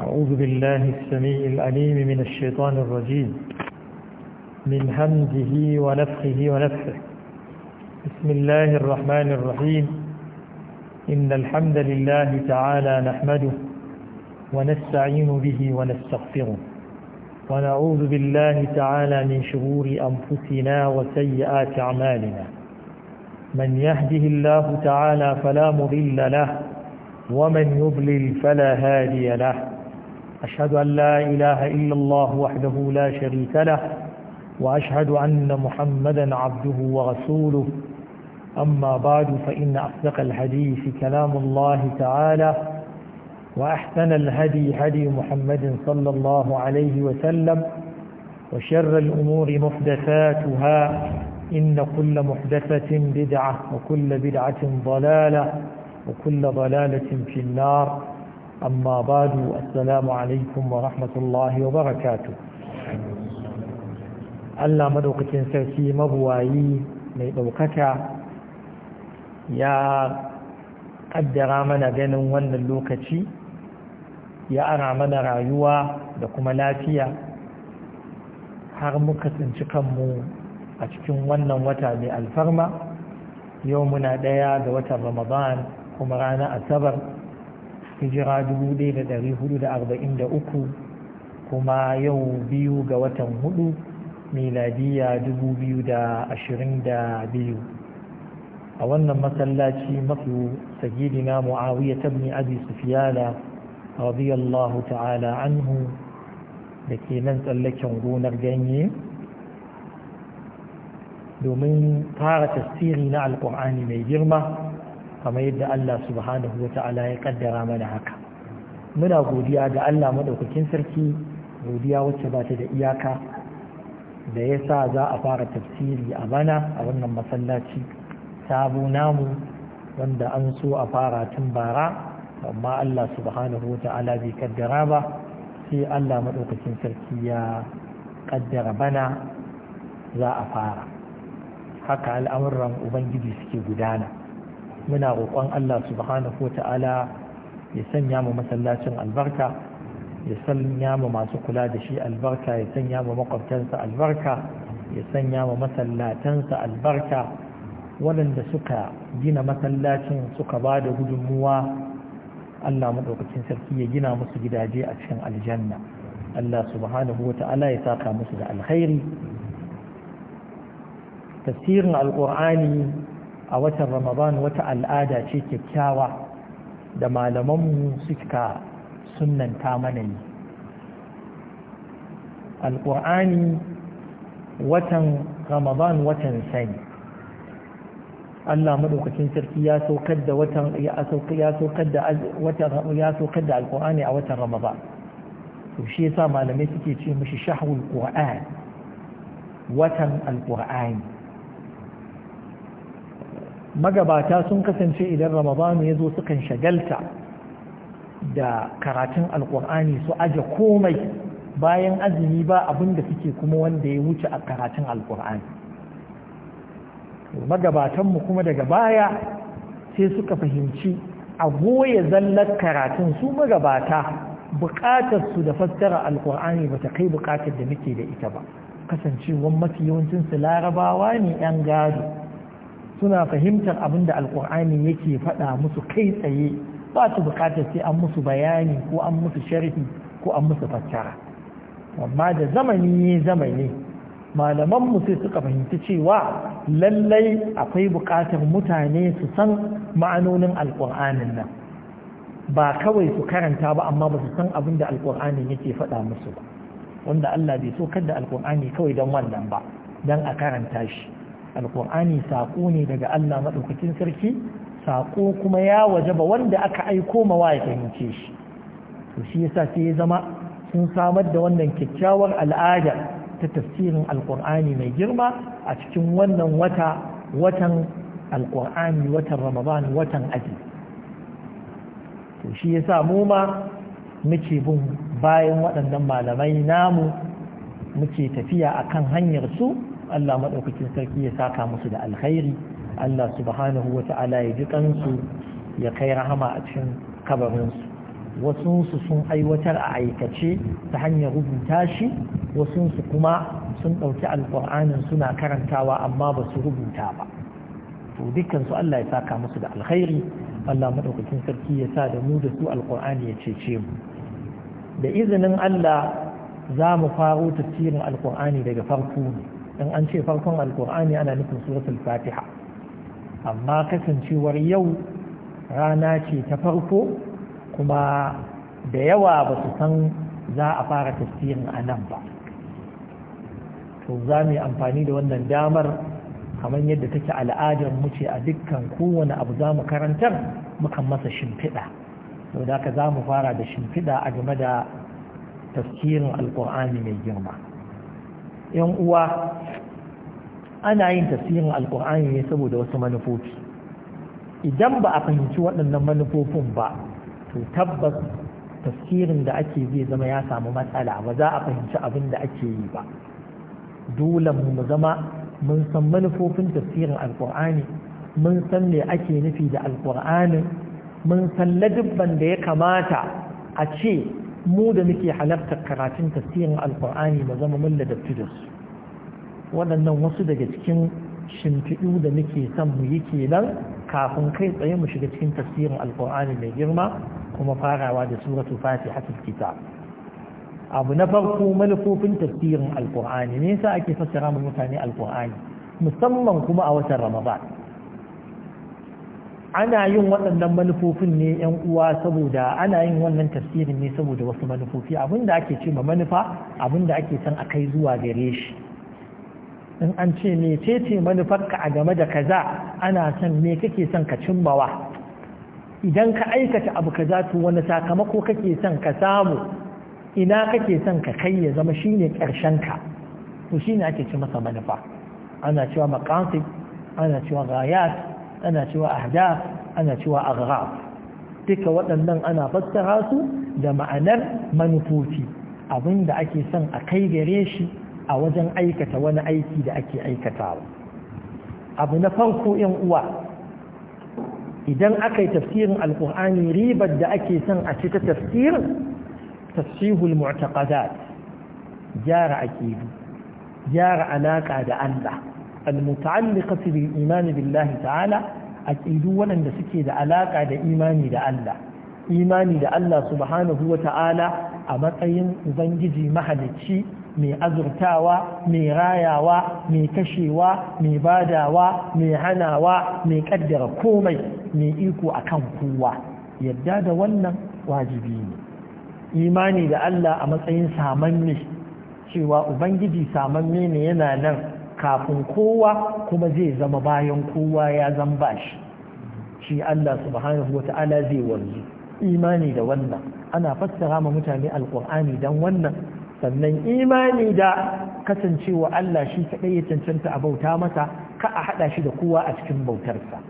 أعوذ بالله السميع العليم من الشيطان الرجيم من همزه ونفخه ونفخه بسم الله الرحمن الرحيم إن الحمد لله تعالى نحمده ونستعين به ونستغفره ونعوذ بالله تعالى من شرور أنفسنا وسيئات أعمالنا من يهده الله تعالى فلا مضل له ومن يضلل فلا هادي له أشهد أن لا إله إلا الله وحده لا شريك له وأشهد أن محمدا عبده ورسوله أما بعد فإن أصدق الحديث كلام الله تعالى وأحسن الهدي هدي محمد صلى الله عليه وسلم وشر الأمور محدثاتها إن كل محدثة بدعة وكل بدعة ضلالة وكل ضلالة في النار أما بعد السلام عليكم ورحمة الله وبركاته ألا مدوقة mabuwayi mai مدوقك يا قدر mana ganin ون اللوكتي ya ara mana rayuwa da kuma lafiya har muka tsinci kanmu a cikin wannan wata mai alfarma yau muna ɗaya da watan ramadan kuma rana asabar hijira uku, kuma yau biyu ga watan hudu miladiya biyu. a wannan masallaci mafi sagidina mu'awiyya tabni abi sufiyana radiyallahu ta'ala anhu da ke nan tsallaken gonar ganye domin fara tasiri na alkur'ani mai girma kamar yadda Allah subhanahu wa ta'ala ya kaddara mana haka muna godiya ga Allah maɗaukakin sarki godiya wacce ba ta da iyaka da ya sa za a fara tafsiri a bana a wannan masallaci sabu namu wanda an so a fara tun bara amma Allah subhanahu wa ta'ala bai kaddara ba sai Allah maɗaukakin sarki ya kaddara bana za a fara haka al'amuran ubangiji suke gudana muna roƙon Allah subhanahu wa ta'ala ya sanya mu masallacin albarka ya sanya mu masu kula da shi albarka ya sanya mu makwabtansa albarka ya sanya mu masallatansa albarka waɗanda suka gina masallacin suka ba da gudunmuwa Allah maɗaukacin sarki ya gina musu gidaje a cikin aljanna Allah subhanahu wa ta'ala ya saka musu da alkhairi tafsirin alƙur'ani a watan ramadan wata al'ada ce kyakkyawa da malamanmu suka sunanta mana yi alƙur'ani watan ramadan watan sani Allah maɗaukacin sarki ya saukar da watan ya saukar da alƙur'ani a watan ramadan to shi yasa malamai suke ce mashi shahul qur'an watan alƙur'ani magabata sun kasance idan ramadanu ya zo sukan shagalta da karatun alkur'ani su aje komai bayan azumi ba abin da suke kuma wanda ya wuce a karatun alkur'ani magabatanmu kuma daga baya sai suka fahimci a goye zallar karatun su magabata buƙatar su da fassara alkur'ani ba ta kai buƙatar da muke da ita ba kasancewan mafi yawancinsu larabawa ne 'yan gado suna fahimtar abin da alkur'ani yake faɗa musu kai tsaye ba su bukatar sai an musu bayani ko an musu sharhi ko an musu fassara amma da zamani ne zamani mu sai suka fahimci cewa lallai akwai buƙatar mutane su san ma'anonin alkur'anin nan ba kawai su karanta ba amma ba su san abin da alkur'ani yake faɗa musu ba wanda Allah bai so da alkur'ani kawai don wannan ba don a karanta shi alƙur'ani saƙo ne daga Allah maɗaukakin sarki saƙo kuma ya wajaba wanda aka aiko mawa ya fahimce shi to shi yasa sai ya zama sun samar da wannan kyakkyawar al'ada ta tafsirin alƙur'ani mai girma a cikin wannan wata watan alƙur'ani watan ramadan watan aji to shi yasa mu ma muke bin bayan waɗannan malamai namu muke tafiya akan hanyar su Allah maɗaukacin sarki ya saka musu da alkhairi Allah subhanahu wa ta'ala ya ji kansu ya kai rahama a cikin kabarinsu wasunsu sun aiwatar a aikace ta hanyar rubuta shi wasunsu kuma sun ɗauki alƙur'anin suna karantawa amma ba su rubuta ba to dukkansu Allah ya saka musu da alkhairi Allah maɗaukakin sarki ya sa da mu da su alƙur'ani ya cece mu da izinin Allah za mu faro tafsirin alƙur'ani daga farko ne in an ce farkon alkur'ani ana nufin suratul fatiha amma kasancewar yau rana ce ta farko kuma da yawa ba su san za a fara tafsirin a nan ba to za mu yi amfani da wannan damar kamar yadda take al'adar mu ce a dukkan kowane abu za mu karantar mukan masa shimfiɗa sau da ka za mu fara da shimfiɗa a game da tafsirin alkur'ani mai girma yan uwa ana yin tasirin alkur'ani ne saboda wasu manufofi idan ba a fahimci waɗannan manufofin ba to tabbas tafsirin da ake zai zama ya samu matsala ba za a fahimci abin da ake yi ba dole mu zama mun san manufofin tafsirin alkur'ani mun san me ake nufi da alkur'anin mun san ladubban da ya kamata a ce mu da muke halartar karatun tafsirin alkur'ani ba zama mun ladabtu da su waɗannan wasu daga cikin shimfiɗu da muke son mu yi kenan kafin kai tsaye mu shiga cikin tafsirin alkur'ani mai girma kuma farawa da suratu fatiha kitab abu na farko manufofin tafsirin alkur'ani ne yasa ake fassara mu mutane alkur'ani musamman kuma a watan ramadan ana yin waɗannan manufofin ne yan uwa saboda ana yin wannan tafsirin ne saboda wasu manufofi abinda ake ce ma manufa abinda ake son a kai zuwa gare shi in an ce me ce ce manufarka a game da kaza ana son me kake son ka cimmawa idan ka aikata abu kaza to wani sakamako kake son ka samu ina kake son ka kai ya zama shine karshen ka to shine ake ce masa manufa ana cewa maqasid ana cewa ghayat ana cewa ahdaf ana cewa aghraf duka waɗannan ana fassara su da ma'anar manufofi abinda ake son a kai gare shi a wajen aikata wani aiki da ake aikatawa abu na farko yan uwa idan aka yi tafsirin alkur'ani ribar da ake son a ci ta tafsirin tafsihul mu'taqadat gyara aqidu gyara alaka da Allah المتعلقة بالإيمان بالله تعالى أكيدوا أن سكي دا علاقة دا إيماني دا الله إيماني دا الله سبحانه وتعالى أما أين ubangiji mahalicci, mai azurtawa mai rayawa mai kashewa mai badawa mai hanawa mai ƙaddara komai mai iko akan kowa Yarda da wannan wajibi ne imani da Allah a matsayin samanne cewa ubangiji samanne ne yana nan kafin kowa kuma zai zama bayan kowa ya zan bashi shi Allah subhanahu wa ta'ala zai warzu imani da wannan ana fassara ma mutane alkur'ani dan wannan sannan imani da kasancewa Allah shi kaɗai ya cancanta a bauta masa ka a haɗa shi da kowa a cikin bautarsa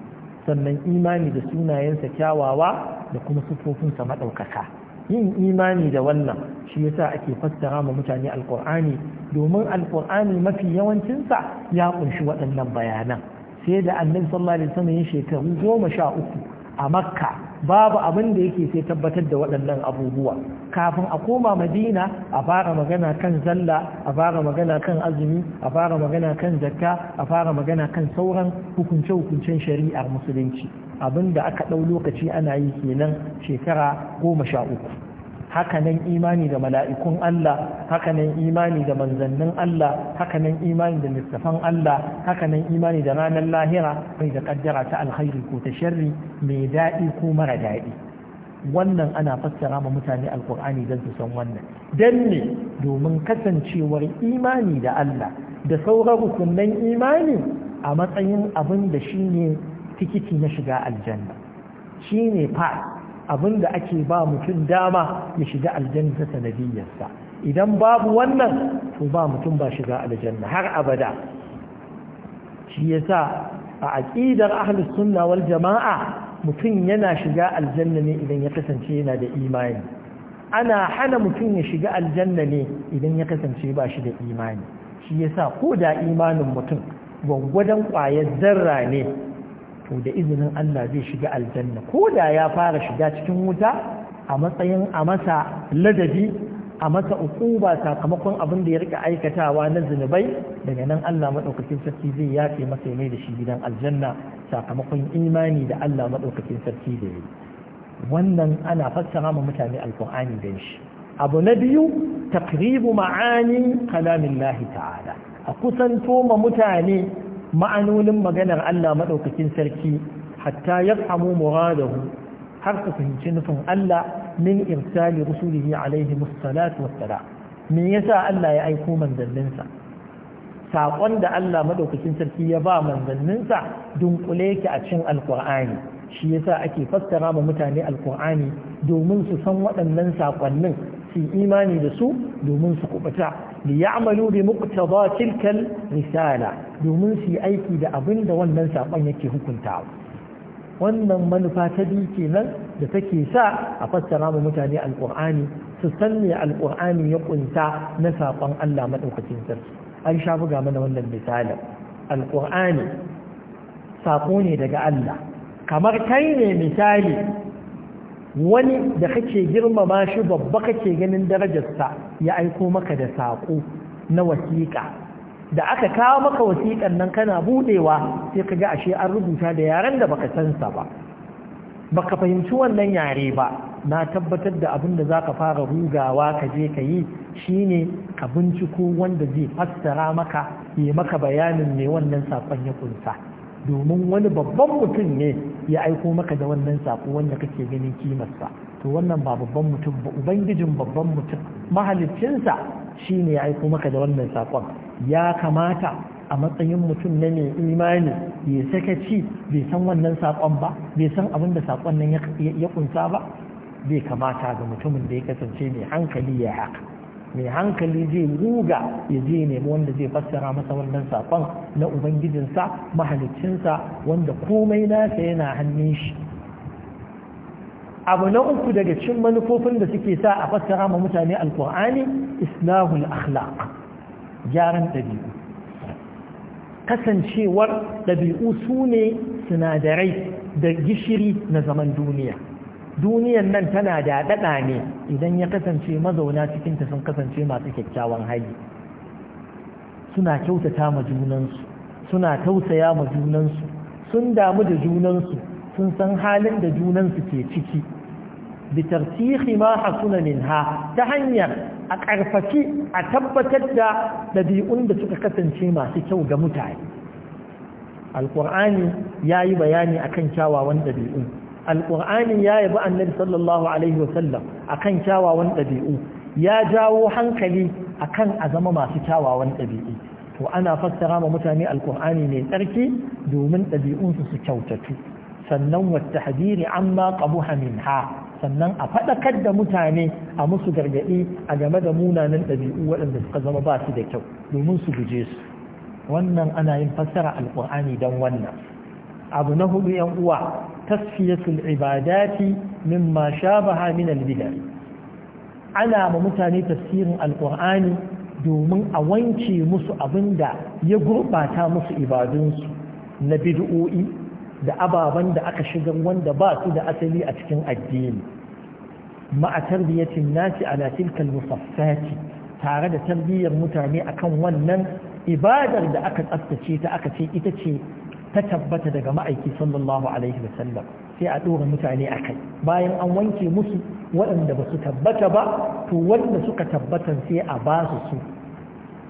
sannan imani da sunayensa kyawawa da kuma sufofinsa maɗaukaka yin imani da wannan shi yasa ake fassara ma mutane alkur'ani domin alƙur'ani mafi yawancinsa ya kunshi waɗannan bayanan sai da annabi sallallahu alaihi wasallam ya shekaru goma sha uku a makka babu abin da yake sai tabbatar da waɗannan abubuwa kafin a koma madina a fara magana kan zalla a fara magana kan azumi a fara magana kan zakka a fara magana kan sauran hukunce-hukuncen shari'ar musulunci abin da aka ɗau lokaci ana yi kenan shekara goma sha uku hakanan imani da mala'ikun Allah hakanan imani da manzannin Allah hakanan imani da littafan Allah hakanan imani da ranar lahira mai da kaddara ta alkhairi ko ta sharri mai daɗi ko mara daɗi wannan ana fassara ma mutane alkur'ani don su san wannan don ne domin kasancewar imani da Allah da sauran rukunan imani a matsayin abin da shine tikiti na shiga aljanna shine fa abin da ake ba mutum dama ya shiga aljanna sanadiyyarsa idan babu wannan to ba mutum ba shiga aljanna har abada shi sa a aƙidar ahlus sunnawar wal jama'a mutum yana shiga aljanna ne idan ya kasance yana da imani ana hana mutum ya shiga aljanna ne idan ya kasance ba shi da imani shi yasa ko da imanin mutum gwaggwadon ƙwayar zarra ne to da izinin Allah zai shiga aljanna ko da ya fara shiga cikin wuta a matsayin a masa ladabi a masa ukuba sakamakon abin da ya rika aikatawa na zunubai daga nan Allah maɗaukakin sarki zai yafe masa mai da shi gidan aljanna sakamakon imani da Allah maɗaukakin sarki da yi wannan ana fassara ma mutane alkur'ani da shi abu na biyu takribu ma'ani kalamin ta'ala a kusanto ma mutane ma'anonin maganar Allah maɗaukakin sarki hatta ya samu muradahu har su fahimci nufin Allah min irsali rusulihi alaihi musallatu wassala me yasa Allah ya aiko manzanninsa saƙon da Allah maɗaukakin sarki ya ba manzanninsa dunkule yake a cikin alƙur'ani shi yasa ake fassara ma mutane alƙur'ani domin su san waɗannan saƙonnin su imani da su domin su kubuta liya'malu bi muqtada tilkal risala domin su aiki da abin da wannan saƙon yake hukunta. wannan manufa ta biyu kenan da take sa a fassara mu mutane Alƙur'ani, su san me Alƙur'ani ya kunta na saƙon Allah madaukakin sarki an sha buga mana wannan misalin Alƙur'ani saƙo ne daga Allah kamar kai ne misali wani da kake girmama shi babba kake ganin darajarsa ya aiko maka da saƙo na wasiƙa da aka kawo maka wasiƙan nan kana buɗewa sai ka ga ashe an rubuta da yaren da baka san sa ba baka fahimci wannan yare ba na tabbatar da abin da zaka fara rugawa ka je ka yi shine ka binciko wanda zai fassara maka yi maka bayanin me wannan saƙon ya kunsa domin wani babban mutum ne ya aiko maka da wannan saƙo wanda kake ganin kimarsa to wannan ba babban mutum ba ubangijin babban mutum shi ne ya aiko maka da wannan saƙon. ya kamata a matsayin mutum na mai imani ya ci bai san wannan saƙon ba bai san abin da saƙon nan ya kunsa ba bai kamata ga mutumin da ya kasance mai hankali ya haka mai hankali zai ruga ya je nemi wanda zai fassara masa wannan sakon na ubangijinsa mahalicinsa wanda komai nasa yana hannun shi abu na uku daga cikin manufofin da suke sa a fassara ma mutane alkur'ani islahul akhlaq gyaran ɗabi'u kasancewar ɗabi'u sune sinadarai da gishiri na zaman duniya duniyan nan tana da daɗa ne idan ya kasance mazauna cikinta sun kasance masu kyakkyawan hali suna kyautata ma junansu suna tausaya ma junansu sun damu da junansu sun san halin da junansu ke ciki bitartihi ma hasuna minha ta hanyar a ƙarfafi a tabbatar da ɗabi'un da suka kasance masu kyau ga mutane alƙur'ani ya yi bayani akan kyawawan ɗabi'un alƙur'ani ya yabi annabi sallallahu alaihi wasallam akan kyawawan ɗabi'u ya jawo hankali akan a zama masu kyawawan ɗabi'u to ana fassara ma mutane alƙur'ani mai tsarki domin ɗabi'unsu su kyautatu sannan wata hadiri amma qabuha ha sannan a faɗakar da mutane a musu gargaɗi a game da munanan ɗabi'u waɗanda suka zama ba su da kyau domin su guje su wannan ana yin fassara alƙur'ani don wannan abu na hudu yan uwa tasfiyatul ibadati mimma shabaha min al-bid'ah ana ma mutane tafsirin alqur'ani domin a wanke musu abinda ya gurbata musu ibadunsu na bid'o'i da ababen da aka shigar wanda ba su da asali a cikin addini ma'a tarbiyatin nasi ala tilkal musaffati tare da tarbiyyar mutane akan wannan ibadar da aka tsaftace ta aka ce ita ce ta tabbata daga ma'aiki sallallahu alaihi wasallam sai a ɗora mutane a kai bayan an wanke musu waɗanda ba su tabbata ba to wanda suka tabbatan sai a ba su su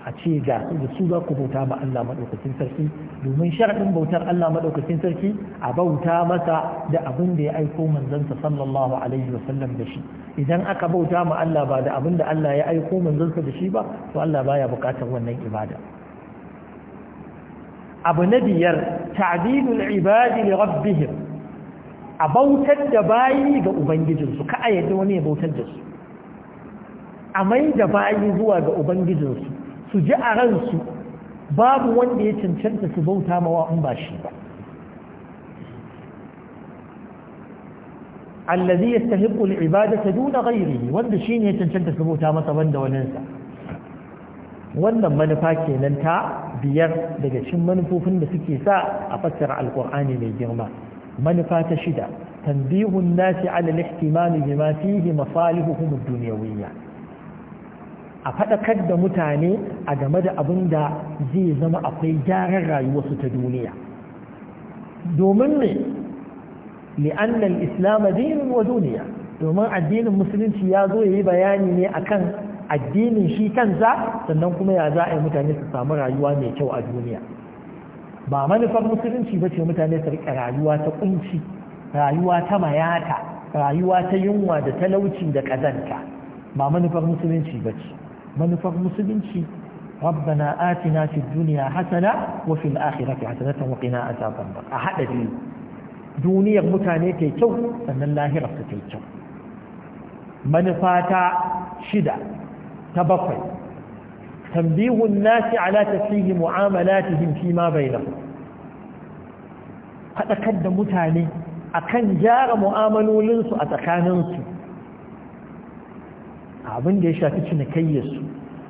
a ce ga da su za ku bauta ma Allah maɗaukacin sarki domin sharaɗin bautar Allah maɗaukacin sarki a bauta masa da abin da ya aiko manzansa sallallahu alaihi wasallam da shi idan aka bauta ma Allah ba da abin da Allah ya aiko manzansa da shi ba to Allah baya buƙatar wannan ibada abu na biyar ta'dilul ibadi li rabbihim a bautar da bayi ga ubangijinsu ka ayyade wani ya bautar da su a mai da bayi zuwa ga ubangijinsu su ji a ransu babu wanda ya cancanta su bauta mawa in ba shi ba allazi yastahiqu al-ibadata duna ghayrihi wanda shine ya cancanta su bauta masa banda waninsa wannan manufa kenan ta biyar daga cikin manufofin da suke sa a fassara alkur'ani mai girma manufa ta shida tambihun nasi ala al bima fihi masalihuhum ad-dunyawiyya a faɗakar da mutane a game da abin da zai zama akwai gyaran rayuwarsu ta duniya domin ne li'anna al-islam dinun wa duniya domin addinin musulunci ya zo yayi bayani ne akan addinin shi kansa sannan kuma ya za a yi mutane su samu rayuwa mai kyau a duniya ba manufar musulunci ba ce mutane su riƙa rayuwa ta kunci rayuwa ta mayata rayuwa ta yunwa da talauci da ƙazanta ba manufar musulunci ba ce manufar musulunci ربنا آتنا في الدنيا حسنة وفي الآخرة a وقنا عذاب النار أحد دي دنيا متانة تيتو kyau الله رفت تيتو من فاتا shida. ta bakwai tambihun nasi ala tasihi mu'amalatihim fi ma bainahum faɗakar da mutane akan gyara mu'amalolinsu a tsakaninsu abin da ya shafi cinikayyarsu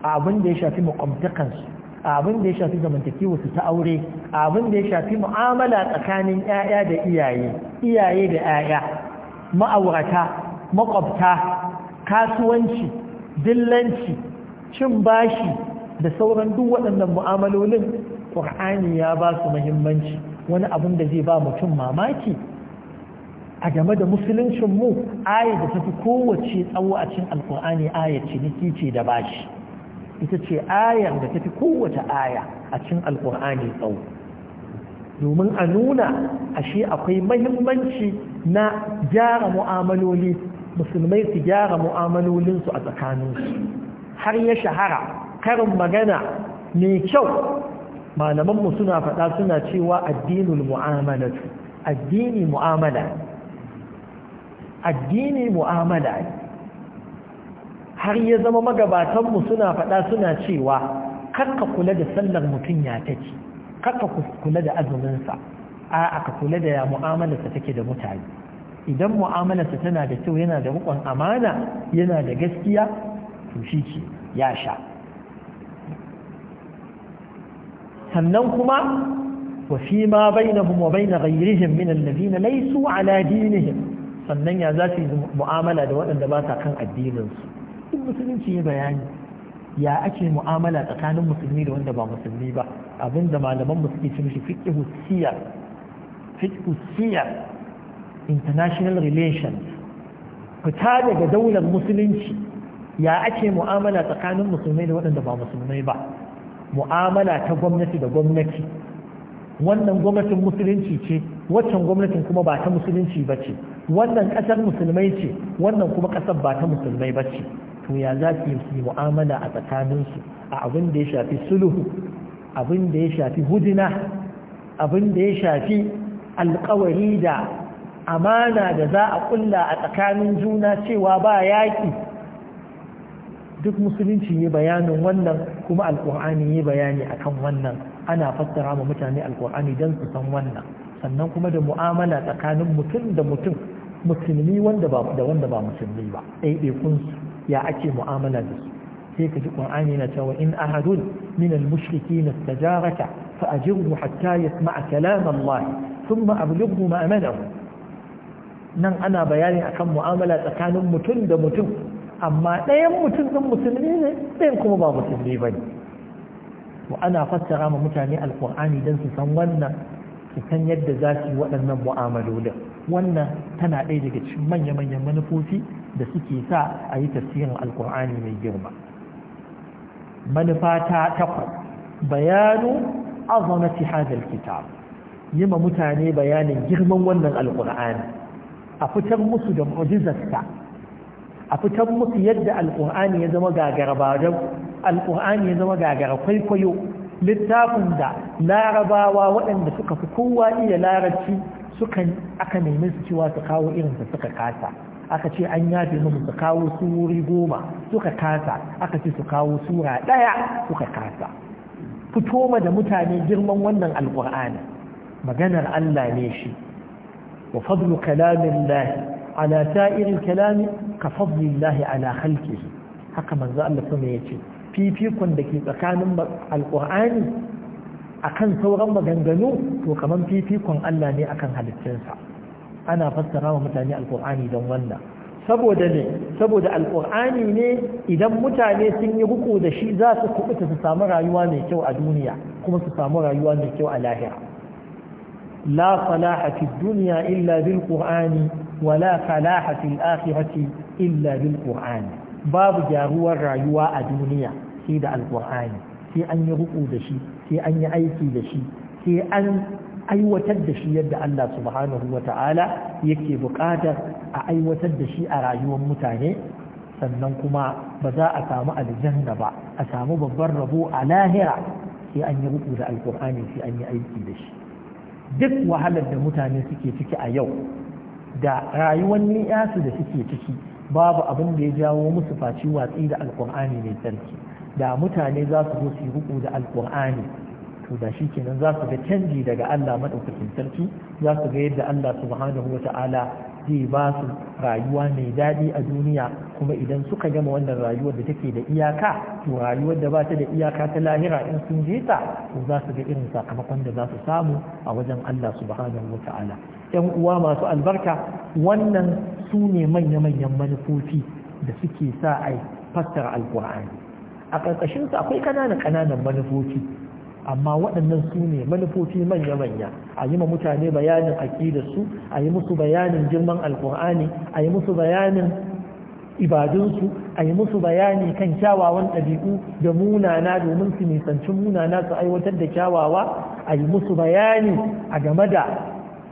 abin da ya shafi makwamtakansu abin da ya shafi zamantakewarsu ta aure abin da ya shafi mu'amala tsakanin 'ya'ya da iyaye iyaye da 'ya'ya ma'aurata makwabta kasuwanci dillanci cin bashi da sauran duk waɗannan mu'amalolin ƙur'ani ya ba su muhimmanci wani abin da zai ba mutum mamaki a game da musuluncinmu mu da tafi kowace tsawo a cin alƙur'ani aya ciniki ce da bashi ita ce ayar da tafi kowace aya a cin alƙur'ani tsawo domin a nuna ashe akwai mahimmanci na gyara mu'amaloli musulmai su gyara mu'amalolinsu a tsakaninsu har ya shahara karin magana mai kyau malamanmu suna faɗa suna cewa addinul mu'amalatu addini mu'amala addini mu'amala har ya zama magabatanmu suna faɗa suna cewa karka kula da sallar mutum ya take karka kula da azuminsa a aka kula da ya, mu'amalarsa take da mutane idan mu'amalarsa tana da kyau yana da rukun amana yana da gaskiya to shi ce ya sha sannan kuma wa fi ma bainahum wa bain ghayrihim min alladhina laysu ala dinihim sannan ya za su yi mu'amala da waɗanda ba sa kan addininsu duk musulunci ya bayani ya ake mu'amala tsakanin musulmi da wanda ba musulmi ba abinda malaman mu suke ce fiqhu siyar fiqhu siyar international relations fita daga daular musulunci ya ake mu'amala tsakanin musulmai da waɗanda ba musulmai ba mu'amala ta gwamnati da gwamnati wannan gwamnatin musulunci ce waccan gwamnatin kuma ba ta musulunci ba ce wannan ƙasar musulmai ce wannan kuma ƙasar ba ta musulmai ba ce to ya za su yi mu'amala a tsakaninsu a abin da ya shafi sulhu abin da ya shafi hudina abin da ya shafi alƙawari da amana da za a kulla a tsakanin juna cewa ba yaƙi duk musulunci ne bayanin wannan kuma alƙur'ani ne bayani akan wannan ana fassara ma mutane alƙur'ani don su san wannan sannan kuma da mu'amala tsakanin mutum da mutum musulmi ba da wanda ba musulmi ba ɗaiɗaikun su ya ake mu'amala da su sai ka ji ƙur'ani na cewa in ahadun min al-mushrikin istajaraka fa ajirhu hatta yasma'a kalam Allah thumma ablighu ma'amalahu nan ana bayani akan mu'amala tsakanin mutum da mutum amma ɗayan mutum ɗin musulmi ne ɗayan kuma ba musulmi ba ne ana fassara ma mutane alkur'ani don su san wannan su san yadda za su yi waɗannan mu'amalolin wannan tana ɗaya daga cikin manya-manyan manufofi da suke sa a yi tafsirin alkur'ani mai girma manufa ta takwas bayanu azamati hadal kitab yi ma mutane bayanin girman wannan alkur'ani a fitar musu da mu'jizarsa a fitar musu yadda alƙur'ani ya zama gagarabadan alƙur'ani ya zama gagara kwaikwayo littafin da larabawa waɗanda suka fi kowa iya larabci suka aka nemi su cewa su kawo irin da suka kasa aka ce an yafe musu su kawo surori goma suka kasa aka ce su kawo sura ɗaya suka kasa fito ma da mutane girman wannan alƙur'ani maganar Allah ne shi وفضل كلام الله على سائر الكلام كفضل الله على خلقه haka manzo Allah ya ce fifikon da ke tsakanin alqur'ani akan sauran maganganu to kamar fifikon Allah ne akan halittarsa ana fassara wa mutane alqur'ani don wannan saboda ne saboda alqur'ani ne idan mutane sun yi ruku da shi za su kubuta su samu rayuwa mai kyau a duniya kuma su samu rayuwa mai kyau a lahira لا صلاح في الدنيا إلا بالقرآن ولا فلاح في الآخرة إلا بالقرآن باب جاروة الرعيوة الدنيا سيد القرآن في أن يرقوا دشي في أن يأيكي دشي في أن aiwatar da shi yadda Allah subhanahu wa ta'ala yake buƙatar a aiwatar da shi a rayuwar mutane sannan kuma ba za a samu aljanna ba a samu babban rabo a lahira sai an yi da alkur'ani sai an yi aiki da shi duk wahalar da mutane suke ciki a yau da rayuwar ni'yasu da suke ciki babu abin da ya jawo musu faci watsi da alkur'ani mai tsarki da mutane za su zo su yi da alkur'ani to da shi kenan za su ga canji daga Allah maɗaukacin sarki za su ga yadda Allah subhanahu ta'ala. zai ba su rayuwa mai daɗi a duniya kuma idan suka gama wannan rayuwar da take da iyaka to rayuwar da ba ta da iyaka ta lahira in sun je ta to za su ga irin sakamakon da za su samu a wajen Allah subhanahu wa ta'ala uwa masu albarka wannan su ne manya-manyan manufofi da suke sa a fassara alƙur'ani a ƙarƙashinsu akwai ƙananan ƙananan manufofi amma waɗannan su ne manufofi manya-manya a yi ma mutane bayanin su a yi musu bayanin girman alkur'ani a yi musu bayanin ibadunsu a yi musu bayani kan kyawawan ɗabi'u da munana domin su nisanci munana su aiwatar da kyawawa a yi musu bayani a game da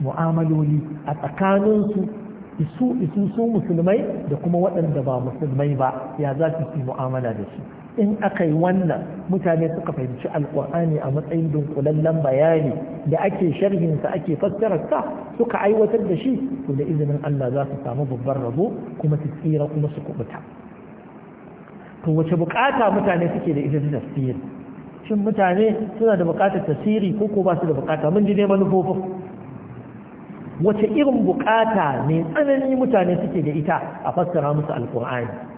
mu'amaloli a tsakaninsu isu isu su musulmai da kuma waɗanda ba musulmai ba ya za su yi mu'amala da su in aka yi wannan mutane suka fahimci alkur'ani a matsayin dunkulallen bayani da ake sharhinsa ake fassararsa suka aiwatar da shi to da izinin Allah za su samu babban rabo kuma su tsira kuma su kubuta to wace bukata mutane suke da ita ta shin mutane suna da bukatar tasiri ko ko ba su da bukata mun ji ne manufofin wace irin bukata ne tsanani mutane suke da ita a fassara musu alkur'ani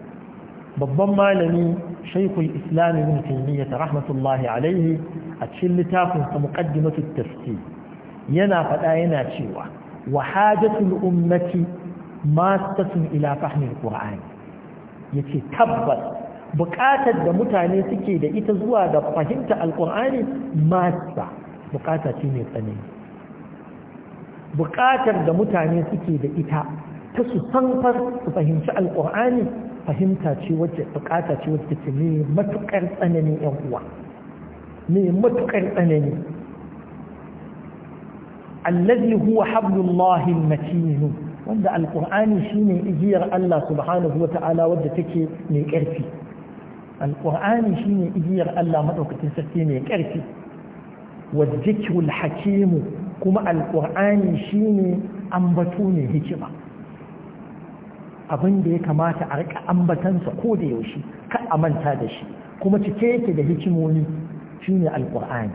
babban malami shaikul islam ibn taymiyyah rahmatullahi alaihi a cikin littafinsa, sa muqaddimatu tafsir yana faɗa yana cewa wa hajatul ummati mastatun ila fahmin Ya ce tabbas buƙatar da mutane suke da ita zuwa da fahimta alqur'ani masta Buƙata ce mai tsanani buƙatar da mutane suke da ita ta su san su fahimci alqur'ani fahimta ce wacce bukata ce wacce ce mai matukar tsanani yan uwa ne matukar tsanani allazi huwa hablullahi matinu wanda alqur'ani shine igiyar Allah subhanahu wata'ala wadda take mai karfi alqur'ani shine igiyar Allah madaukakin sarki mai karfi wadzikru hakimu kuma alqur'ani shine ambatu ne hikima abin da ya kamata a rika ambatansa ko da yaushe kar a manta da shi kuma cike yake da hikimomi shine alqur'ani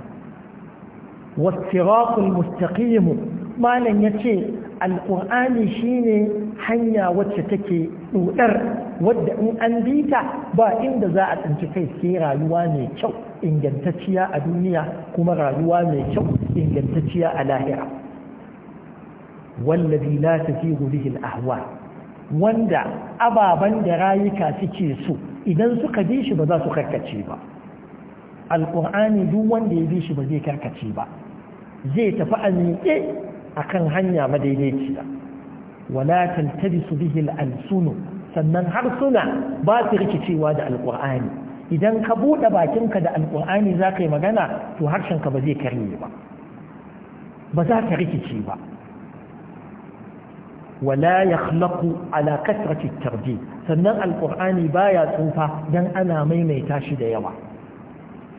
wasiratul malam ya ce Alƙur'ani shine hanya wacce take dudar wadda in an bi ta ba inda za a tsinci kai sai rayuwa mai kyau ingantacciya a duniya kuma rayuwa mai kyau ingantacciya a lahira wallazi la tafihu bihi al-ahwa wanda ababen da rayuka suke so idan suka bi shi ba za su karkace ba alƙur'ani duk wanda ya bi shi ba zai karkace ba zai tafi a miƙe a kan hanya madaidaiciya wala taltabisu bihi al-alsunu sannan harsuna ba su rikicewa da alƙur'ani idan ka buɗe bakinka da alƙur'ani za ka yi magana to harshenka ba zai karye ba ba za ka rikice ba ولا يخلق على كثرة الترجيح sannan Alƙur'ani baya tsufa dan ana maimaita shi da yawa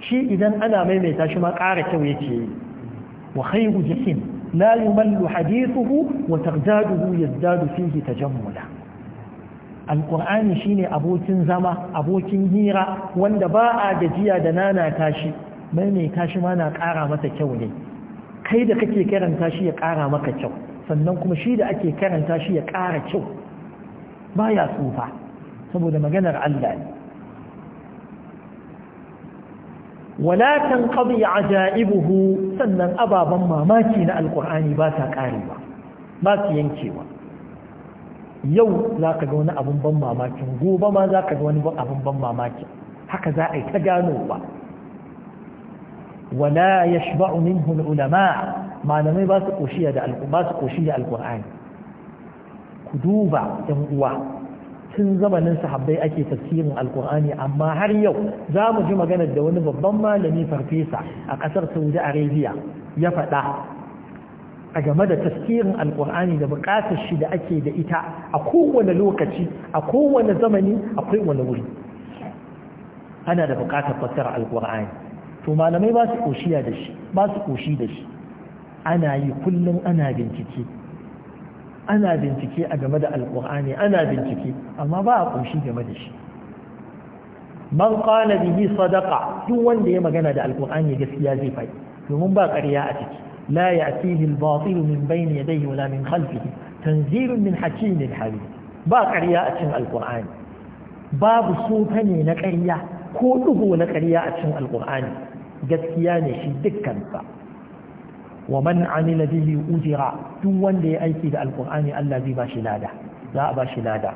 shi idan ana maimaita shi ma ƙara kyau yake yi wa khayru jahim la yumallu hadithuhu wa tagdaduhu yazdadu fihi tajammula alkur'ani shine abokin zama abokin hira wanda ba a gajiya da nana tashi maimaita shi ma na ƙara masa kyau ne kai da kake karanta shi ya ƙara maka kyau sannan kuma shi da ake karanta shi ya ƙara kyau ba ya tsufa saboda maganar Allah ne wala kan qadi ajaibuhu sannan ababan mamaki na alqur'ani ba ta karewa ba ba su yankewa yau za ka ga wani abun ban mamakin gobe ma za ka ga wani abun ban mamakin haka za a yi ta ganowa wala yashba'u minhu ulama malamai ba su koshiya da ba su alqur'ani ku duba yan uwa tun zamanin sahabbai ake tafsirin alqur'ani amma har yau za mu ji maganar da wani babban malami farfesa a ƙasar Saudi Arabia ya faɗa a game da tafsirin alkur'ani da buƙatar shi da ake da ita a kowane lokaci a kowane zamani akwai wani wuri ana da buƙatar fassara alkur'ani to malamai ba su koshiya da shi ba su koshi da shi ana yi kullum ana bincike ana bincike a game da alkur'ani ana bincike amma ba a ƙunshi game da shi man qala bihi sadaka duk wanda ya magana da alkur'ani gaskiya zai fai domin ba ƙarya a ciki la ya'tihi al-batil min bayni yadayhi wala min khalfihi tanzilun min hakimin halim ba ƙarya a cikin alkur'ani babu suka ne na ƙarya ko duhu na ƙarya a cikin alkur'ani gaskiya ne shi dukkan sa wa man amila bihi ujira duk wanda ya aiki da alqur'ani Allah zai bashi lada za a bashi lada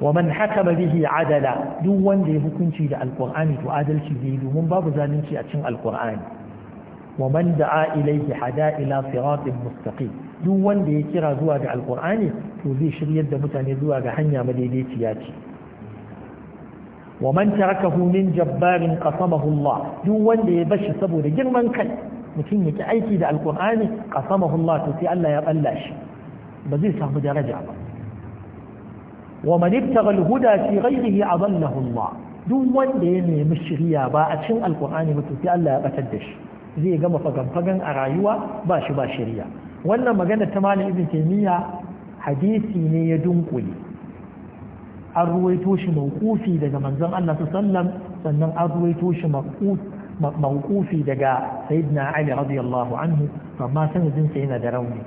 wa man hakama bihi adala duk wanda ya hukunci da alqur'ani to adalci zai domin babu zalunci a cikin alqur'ani wa man da'a ilayhi hada ila siratin mustaqim duk wanda ya kira zuwa ga alqur'ani to zai shiryar da mutane zuwa ga hanya madaidaiciya ce wa man tarakahu min jabbarin qasamahu Allah duk wanda ya bashi saboda girman kai mutum ya ki aiki da alkur'ani a Allah to sai Allah ya balla shi ba zai samu daraja ba wa man ibtagha al-huda fi ghayrihi adallahu duk wanda ya nemi shiriya ba a cikin alkur'ani ba to sai Allah ya batar da shi zai gama fagamfagan a rayuwa ba shi ba shiriya wannan magana ta malam ibn taymiya hadisi ne ya dunkule an ruwaito shi mawqufi daga manzon Allah sallallahu alaihi wasallam sannan an ruwaito shi mawqufi daga sayyidina ali radiyallahu anhu amma sanadin sa yana da rauni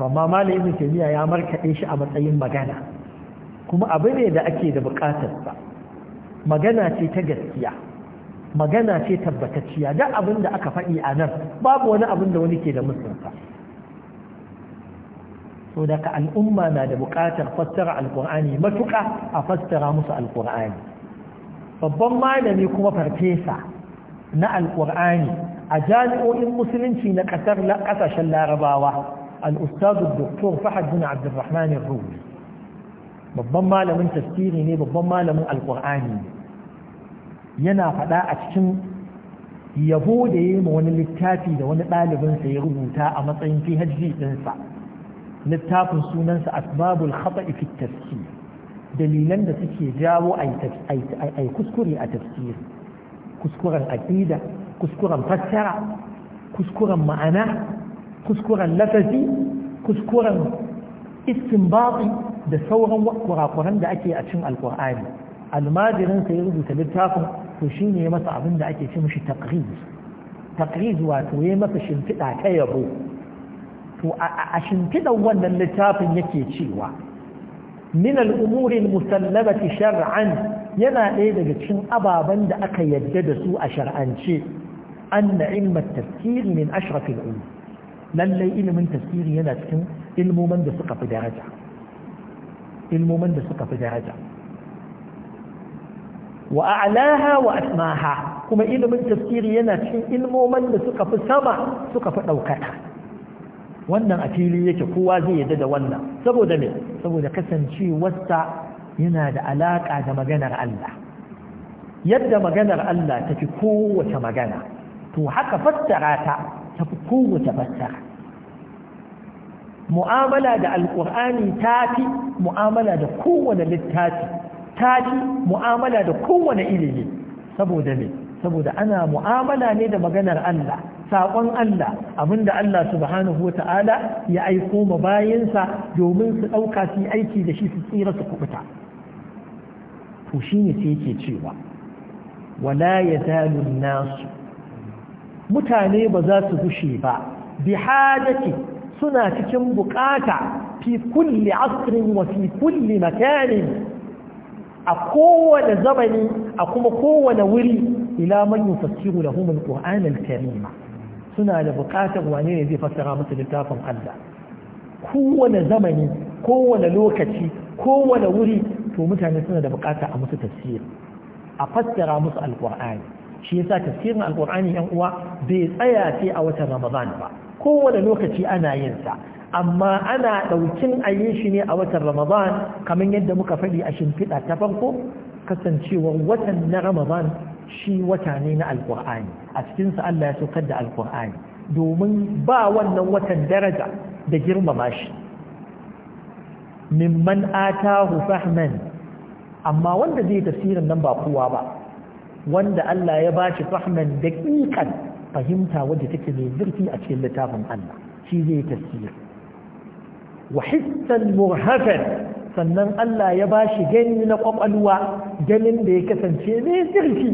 amma malamin ibn taymiya ya markade shi a matsayin magana kuma abu ne da ake da bukatar sa magana ce ta gaskiya magana ce tabbatacciya duk abin da aka faɗi a nan babu wani abin da wani ke da musulunta so daga al'umma na da buƙatar fassara alƙur'ani matuƙa a fassara musu alƙur'ani babban malami kuma farfesa na alƙur'ani a jami'o'in musulunci na ƙasar ƙasashen larabawa al'ustazul doktor fahad bin abdurrahman babban malamin tafsiri ne babban malamin alƙur'ani yana faɗa a cikin yabo da ya yi ma wani littafi da wani ɗalibinsa ya rubuta a matsayin phd ɗinsa littafin sunansa asbabul khata'i fi tafsir dalilan da suke jawo ai kuskure a tafsiri kuskuren aƙida kuskuren fassara kuskuren ma'ana kuskuren lafazi kuskuren istinbati da sauran kurakuran da ake a cin Alƙur'ani. almajirin ya rubuta littafin to shi ne masa abin da ake ce mishi takriz takriz wato ya masa shimfiɗa ta yabo to a shimfiɗan wannan littafin yake cewa min al'umurin musallabati shar'an yana ɗaya daga cikin ababen da aka yadda da su a shar'ance an na ilmar min ashrafin ilmi lallai ilimin tafsiri yana cikin ilmoman da suka fi daraja ilmomin da suka fi daraja wa a'laha wa asmaha kuma ilimin tafsiri yana cikin ilmoman da suka fi sama suka fi ɗaukaka wannan a fili yake kowa zai yadda da wannan saboda me saboda kasancewarsa yana da alaƙa da maganar Allah yadda maganar Allah ta fi kowace magana to haka fassara ta ta fi kowace fassara mu'amala da Alƙur'ani ta fi mu'amala da kowane littafi ta fi mu'amala da kowane ilimi saboda me saboda ana mu'amala ne da maganar Allah saƙon Allah abinda Allah subhanahu wa ta'ala ya aiko ma bayansa domin su ɗauka su yi aiki da shi su tsira su kubuta to shi ne sai yake cewa wala ya dalun nasu mutane ba za su gushe ba bi hadati suna cikin bukata fi kulli asrin wa fi kulli makanin a kowane zamani a kuma kowane wuri ila man yufassiru lahum alquran karim suna da bukatar wane ne zai fassara musu littafin Allah kowane zamani kowane lokaci kowane wuri to mutane suna da bukata a musu tasiri, a fassara musu alqur'ani shi yasa tafsirin alqur'ani yan uwa bai tsaya sai a watan ramadan ba kowane lokaci ana yin sa amma ana ɗaukin a yi shi ne a watan ramadan kamar yadda muka faɗi a shimfiɗa ta farko kasancewar watan na ramadan shi wata ne na alkur'ani a cikinsa allah ya saukar da alkur'ani domin ba wannan watan daraja da girmama shi mimman atahu fahman amma wanda zai tafsirin nan ba kowa ba wanda Allah ya bashi fahman daƙiƙan fahimta wadda take mai zurfi a cikin littafin Allah shi zai tafsiri wa hissan sannan Allah ya ba shi gani na kwakwalwa ganin da ya kasance mai zirfi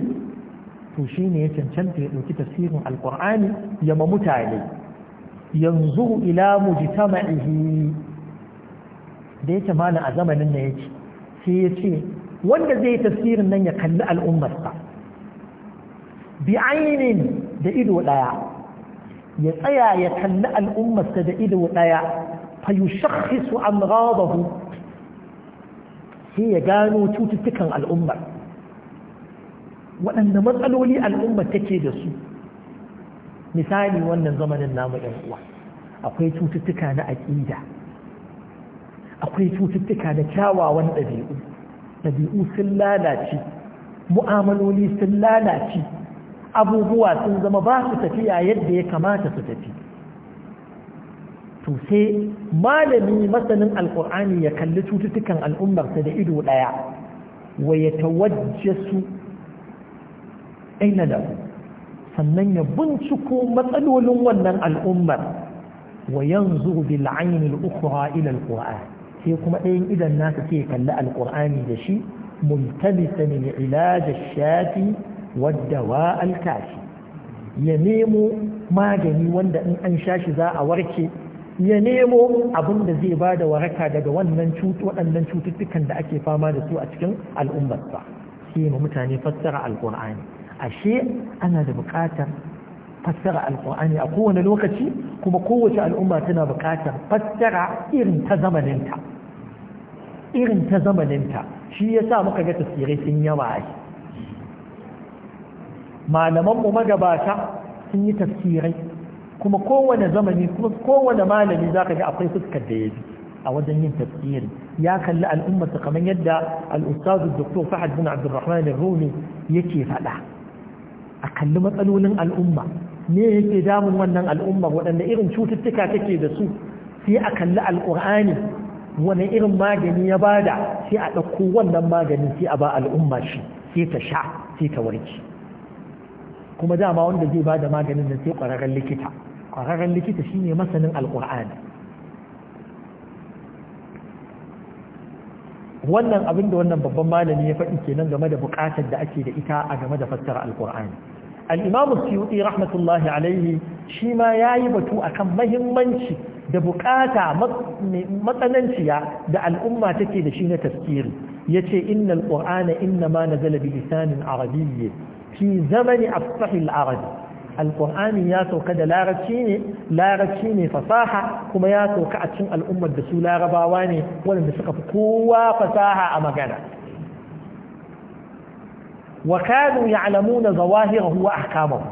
to shi ne ya cancanta ya ɗauki tasirin alkur'ani ya ma mutane yanzu ila mujtama'ihi da yake mana a zamanin na ce, sai ya ce wanda zai tasirin nan ya kalli al'ummarsa bi ainin da ido ɗaya ya tsaya ya kalli al'ummarsa da ido ɗaya fayushakhisu amradahu sai ya gano cututtukan al'ummar waɗanda matsaloli al'ummar take da su misali wannan zamanin namu 'yan uwa akwai cututtuka na aƙida akwai cututtuka na kyawawan ɗabi'u ɗabi'u sun lalace mu'amaloli sun lalace abubuwa sun zama ba su tafiya yadda ya kamata su tafi to sai malami masanin alkur'ani ya kalli cututtukan al'ummarsa da ido ɗaya wa ya tawajjasu aina da sannan ya binciko matsalolin wannan al'ummar wa yanzu bil aini al ila sai kuma ɗayan idan nasa ke kalli alkur'ani da shi multabisa min ilaj ash-shafi wad-dawa ya nemo magani wanda in an sha shi za a warke ya nemo abin da zai ba da waraka daga wannan waɗannan cututtukan da ake fama da su a cikin al'ummarsa sai ma mutane fassara alƙur'ani ashe ana da buƙatar fassara alƙur'ani a kowane lokaci kuma kowace al'umma tana buƙatar fassara irin ta zamaninta irin ta zamaninta shi ya sa muka ga tasirai sun yawa a malamanmu magabata sun yi tasirai kuma kowane zamani kuma kowane malami za ka ga akwai fuskar da ya bi a wajen yin tafsiri ya kalli al'ummarsa kamar yadda al'ustazu doktor fahad bin abdurrahman rumi yake faɗa a kalli matsalolin al'umma ne yake damun wannan al'umma waɗanda irin cututtuka take da su sai a kalli Al'ƙur'ani wani irin magani ya bada sai a ɗauko wannan maganin sai a ba al'umma shi sai ta sha sai ta warke kuma dama wanda zai bada maganin da sai ƙwararren likita ƙwararren likita shine masanin alƙur'ani wannan abin da wannan babban malami ya faɗi kenan game da buƙatar da ake da ita a game da fassara alƙur'ani al'imamu suyuɗi rahmatullahi alaihi shi ma ya yi batu akan mahimmanci da buƙata matsananciya da al'umma take da shi na tafkiri ya ce innal ƙur'ana innama ma na zalabi lisanin arabiyye fi zamani afsahil arabi alƙur'ani ya sauka da larabci ne larabci ne fasaha kuma ya sauka a cikin al'ummar da su larabawa ne waɗanda suka fi kowa fasaha a magana wa kanu ya'lamuna zawahirahu wa ahkamahu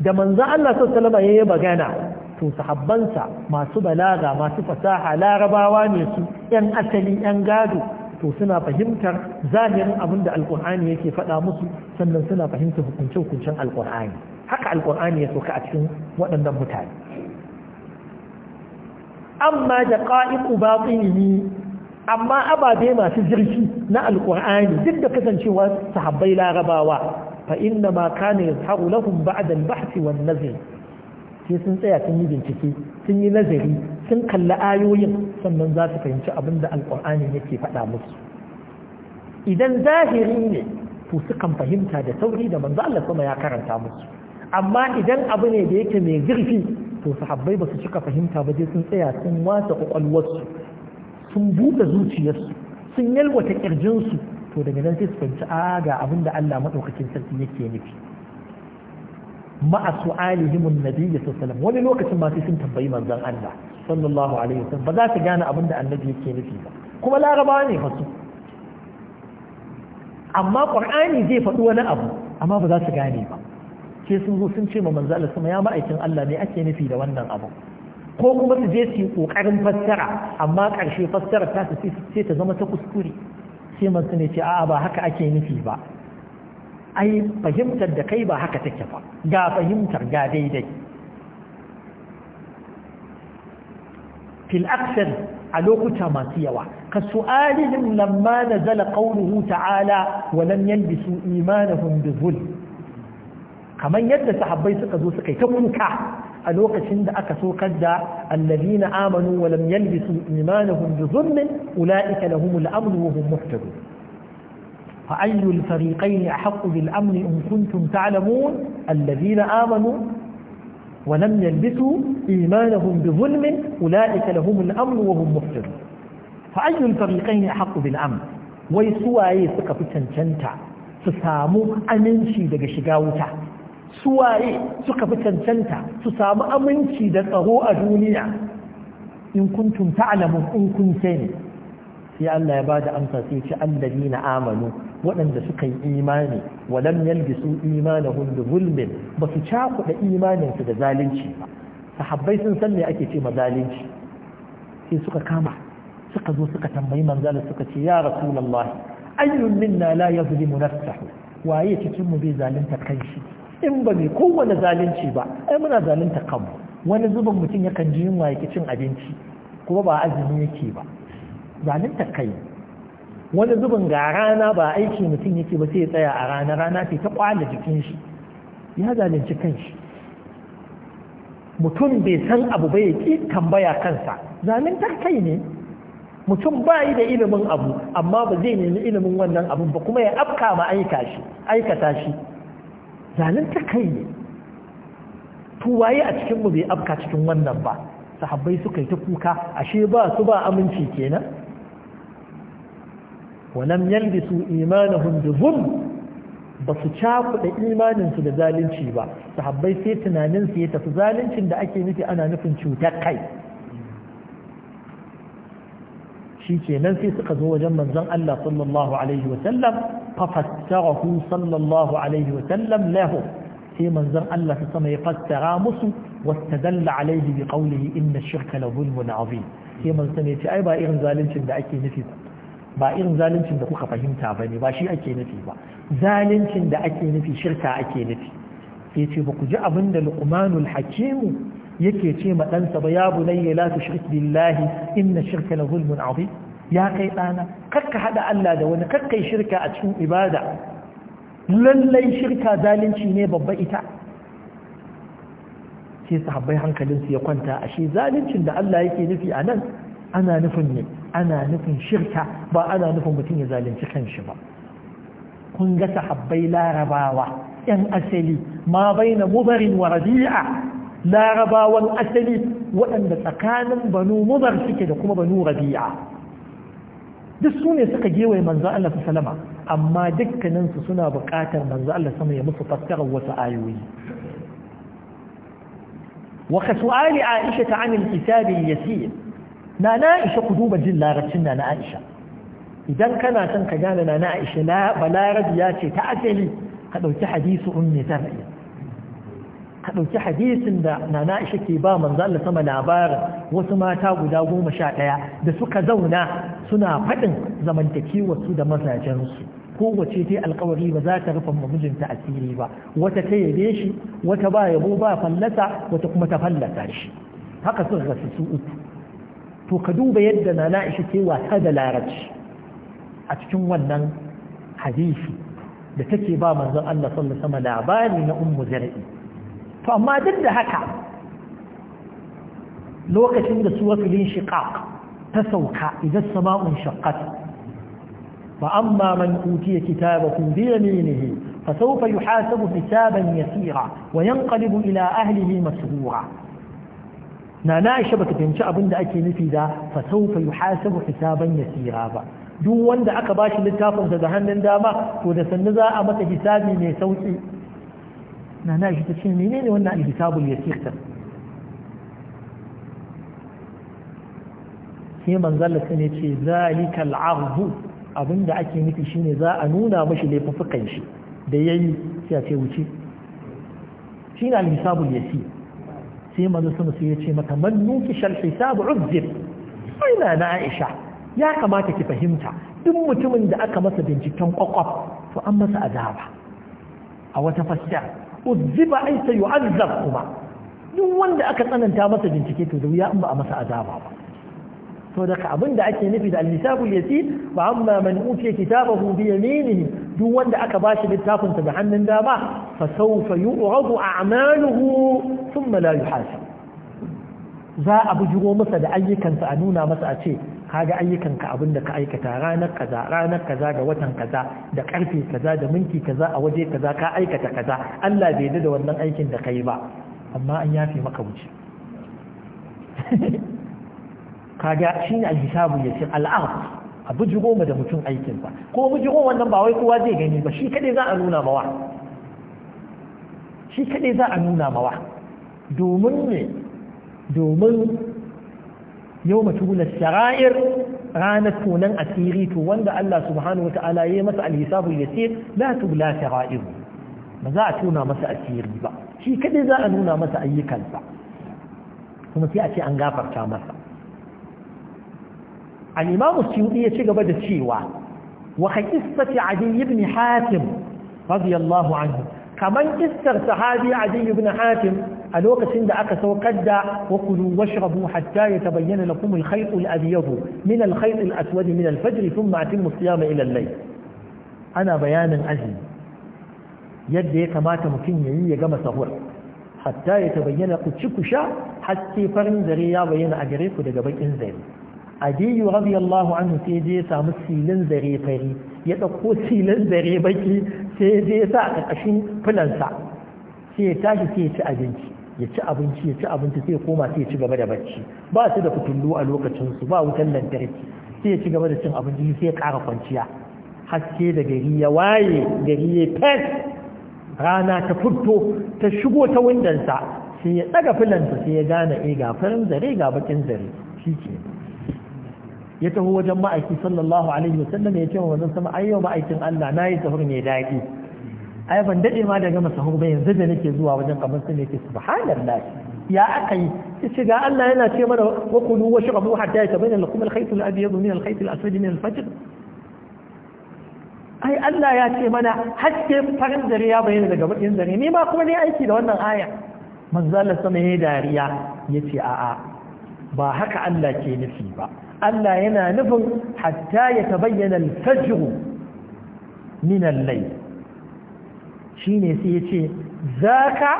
da manzo Allah sallallahu alaihi yi magana to sahabbansa masu balaga masu fasaha larabawa ne su yan asali yan gado to suna fahimtar zahirin abin da alkur'ani yake faɗa musu sannan suna fahimtar hukunce-hukuncen alkur'ani haka alkur'ani ya soka a cikin waɗannan mutane amma da ƙa'iku batsini amma ababe masu zirki na alkur'ani duk da kasancewa sahabbai larabawa fa inna ma kana yazharu lahum ba'da al-bahth wan nazr sai sun tsaya sun yi bincike sun yi nazari sun kalla ayoyin sannan za su fahimci abin da alƙur'ani yake faɗa musu idan zahiri ne to sukan fahimta da sauri da manzo Allah sama ya karanta musu amma idan abu ne da yake mai zurfi to sahabbai ba su cika fahimta ba dai sun tsaya sun wasa kwakwalwarsu sun buɗe zuciyarsu sun yalwata ƙirjinsu to daga nan sai su fahimci a ah, ga abin da Allah maɗaukacin sarki yake nufi Ma'asu su'alihim annabi sallallahu alaihi wani lokacin ma sai sun tambayi manzan Allah sallallahu alaihi wasallam ba za su gane abin da annabi yake nufi ba kuma Laraba ne fa su amma qur'ani zai faɗi wani abu amma ba za su gane ba sai sun zo sun ce ma manzon Allah sama ya ma'aikin Allah ne ake nufi da wannan abu ko kuma su je su yi kokarin fassara amma ƙarshe fassara ta su sai ta zama ta kuskure sai manzon ne ce a'a ba haka ake nufi ba ai fahimtar da kai ba haka take ba ga fahimtar ga daidai fil aksar a lokuta masu yawa ka su'alihim lamma nazala qawluhu ta'ala wa lam yalbisu imanahum bi zulm kamar yadda sahabbai suka zo suka yi ta kuka a lokacin da aka sokar da allazina amanu wa lam yalbisu imanahum bi zulm ulaika lahumul amnu wa hum muhtadun فأي الفريقين أحق بالأمن إن كنتم تعلمون الذين آمنوا ولم يلبسوا إيمانهم بظلم أولئك لهم الأمن وهم مفلحون فأي الفريقين أحق بالأمن ويسوى سكة تنشنتا سسامو أمنشي دقى شقاوتا سواي سكة تنشنتا سسامو أمنشي دقى غوء دنيا إن كنتم تعلمون إن كنتم sai Allah ya ba da amsa sai ce allazi na amanu waɗanda suka yi imani walam yalbisu imanahum bi zulmin ba su cakuɗa imaninsu da zalunci ba sahabbai sun san me ake ce ma zalunci sai suka kama suka zo suka tambayi manzala suka ce ya rasulullah ayyun minna la yazlimu nafsahu waye cikin mu bai zalunta kanshi in ba mai kowane zalunci ba ai muna zalunta kanmu wani zuban mutum yakan ji yunwa yake cin abinci kuma ba azumi yake ba zalunta kai wani zubin ga rana ba aiki mutum yake ba sai ya tsaya a rana rana ce ta kwala jikin shi ya zalunci kanshi mutum bai san abu bai ki tambaya kansa zaluntar kai ne mutum ba yi da ilimin abu amma ba zai nemi ilimin wannan abun ba kuma ya afka ma aikata shi zaluntar kai ne tuwaye a cikinmu bai afka cikin wannan ba sahabbai suka yi ta kuka ashe ba su ba aminci kenan ولم يلبسوا إيمانهم بظلم ba su cakuɗa imaninsu da zalunci ba sahabbai sai tunaninsu ya tafi zaluncin da ake nufi ana nufin cutar kai shi kenan sai suka zo wajen manzon Allah sallallahu alaihi wa sallam fa fassarahu sallallahu alaihi wa sallam lahu sai manzon Allah ta sama ya fassara musu wastadalla alaihi bi qawlihi inna shirka la zulmun azim sai manzon ya ce ai ba irin zaluncin da ake nufi ba ba irin zaluncin da kuka fahimta ba ne ba shi ake nufi ba zaluncin da ake nufi shirka ake nufi sai ce ba ku ji abin da luqmanul hakimu yake ce ma ɗansa ba ya bunayya la tushrik billahi inna shirka na zulmun azim ya kai ɗana kakka hada Allah da wani kakkai shirka a cikin ibada lallai shirka zalunci ne babba ita sai sahabbai hankalinsu ya kwanta ashe zaluncin da Allah yake nufi a nan ana nufin ne ana nufin shirka ba ana nufin mutum ya zalunci kanshi ba kun ga sahabbai larabawa yan asali ma baina mubarin wa rabi'a larabawan asali waɗanda tsakanin banu mubar suke da kuma banu rabi'a duk su ne suka gewaye manzo Allah Salama amma dukkaninsu suna buƙatar manzo Allah sama ya musu fassarar wasu ayoyi وكسؤال عائشة عن الكتاب اليسير na na aisha ku duba jin larabcin na na aisha idan kana son ka gane na na aisha balarabiya ce ta asali ka ɗauki hadisu ummi zar'i ka ɗauki hadisin da nana aisha ke ba manzo Allah sama labarin wasu mata guda goma sha ɗaya da suka zauna suna faɗin zamantakewarsu da mazajensu kowace ta alkawari ba za ta rufe mijinta asiri ba wata ta yabe shi wata ba yabo ba fallasa wata kuma ta fallasa shi haka sun rasu su uku to ka duba yadda na na'isha ke wasa da larabci a cikin wannan hadisi da take ba manzon Allah sallallahu alaihi labari na ummu zar'i to amma duk da haka lokacin da suwatul shiqaq ta sauka idan sama'un shaqqat wa amma man utiya kitabahu bi yaminihi فسوف يحاسب حسابا يسيرا وينقلب إلى أهله مسرورا na na aisha bata fahimci abin da ake nufi da fasaufa yuhasabu hisaban yasira ba duk wanda aka bashi littafin daga hannun dama to da sannu za a masa hisabi mai sauki na na aisha ta ce menene wannan alhisabul yasir sai manzalla su ne ce zalika al'arzu abinda ake nufi shine za a nuna mashi laifukan shi da yayi sai a ce wuce shine al-hisabul yasir sai manzo sun sai ya ce man nuki shal hisab uzib aina na Aisha ya kamata ki fahimta duk mutumin da aka masa binciken kwakwaf to an masa azaba a wata fassara uziba ai sayu'azzab kuma duk wanda aka tsananta masa bincike to da wuya in ba a masa azaba ba to daga abinda da ake nufi da al-misabul yasir fa amma man utiya kitabahu bi yaminihi duk wanda aka bashi littafin da hannun dama fa sawfa yu'radu a'maluhu thumma la yuhasab za a jiro masa da ayyukansa a nuna masa a ce kaga ayyukan ka da ka aikata ranar kaza ranar kaza ga watan kaza da karfe kaza da minti kaza a waje kaza ka aikata kaza Allah bai da wannan aikin da kai ba amma an yafi maka wuce kaga shine alhisabu yasir al'am a bujiro ma da mutum aikin ba, ko bujiro wannan ba wai kowa zai gani ba shi kadai za a nuna mawa shi kadai za a nuna mawa domin ne domin yau matubular shara'ir ranar tunan asiri to wanda Allah subhanahu wata'ala ya yi masa alhisabu yasir la tubla shara'ir ba za a tuna masa asiri ba shi kadai za a nuna masa ayyukansa kuma sai a ce an gafarta masa الإمام السيوطي يشيق بدا تشيوا وكقصة عدي بن حاتم رضي الله عنه كمان قصة صحابي عدي بن حاتم الوقت عند أكس وقد وكلوا واشربوا حتى يتبين لكم الخيط الأبيض من الخيط الأسود من الفجر ثم أتموا الصيام إلى الليل أنا بيانا أزمي يدي كما تمكن يجمع سهور حتى يتبين قد شكشا حتى فرن ذريا بين أجريك ودقبين إنزالي adiyu radiyallahu anhu sai je ya samu silin zare fari ya dauko silin zare baki sai je ya sa a ƙarƙashin filansa sai ya tashi sai ya ci abinci ya ci abinci ya ci abinci sai ya koma sai ya ci gaba da bacci ba su da fitullu a lokacin su ba wutan lantarki sai ya ci gaba da cin abinci sai ya ƙara kwanciya haske da gari ya waye gari ya fes rana ta fito ta shigo ta windonsa sai ya fulan filansa sai ya gane eh ga farin zare ga bakin zare shi ke ya taho wajen ma'aiki sallallahu alaihi wa wasallam ya ce wa wajen sama ai yau ma'aikin Allah na yi sahur mai daɗi ai ban daɗe ma da gama sahur ba yanzu da nake zuwa wajen kamar sai ne ke subhanallah ya aka yi ce ga Allah yana ce mana wa kulu wa shrabu hatta yatabayyana lakum al-khayt al-abyad min al-khayt al-aswad min al-fajr ai Allah ya ce mana haske farin dare ya bayyana daga bakin dare ni ma kuma ne aiki da wannan aya manzo Allah sama yayi dariya ya ce a'a ba haka Allah ke nufi ba Allah yana nufin hatta ya ta bayyana fajr min shine sai yace zaka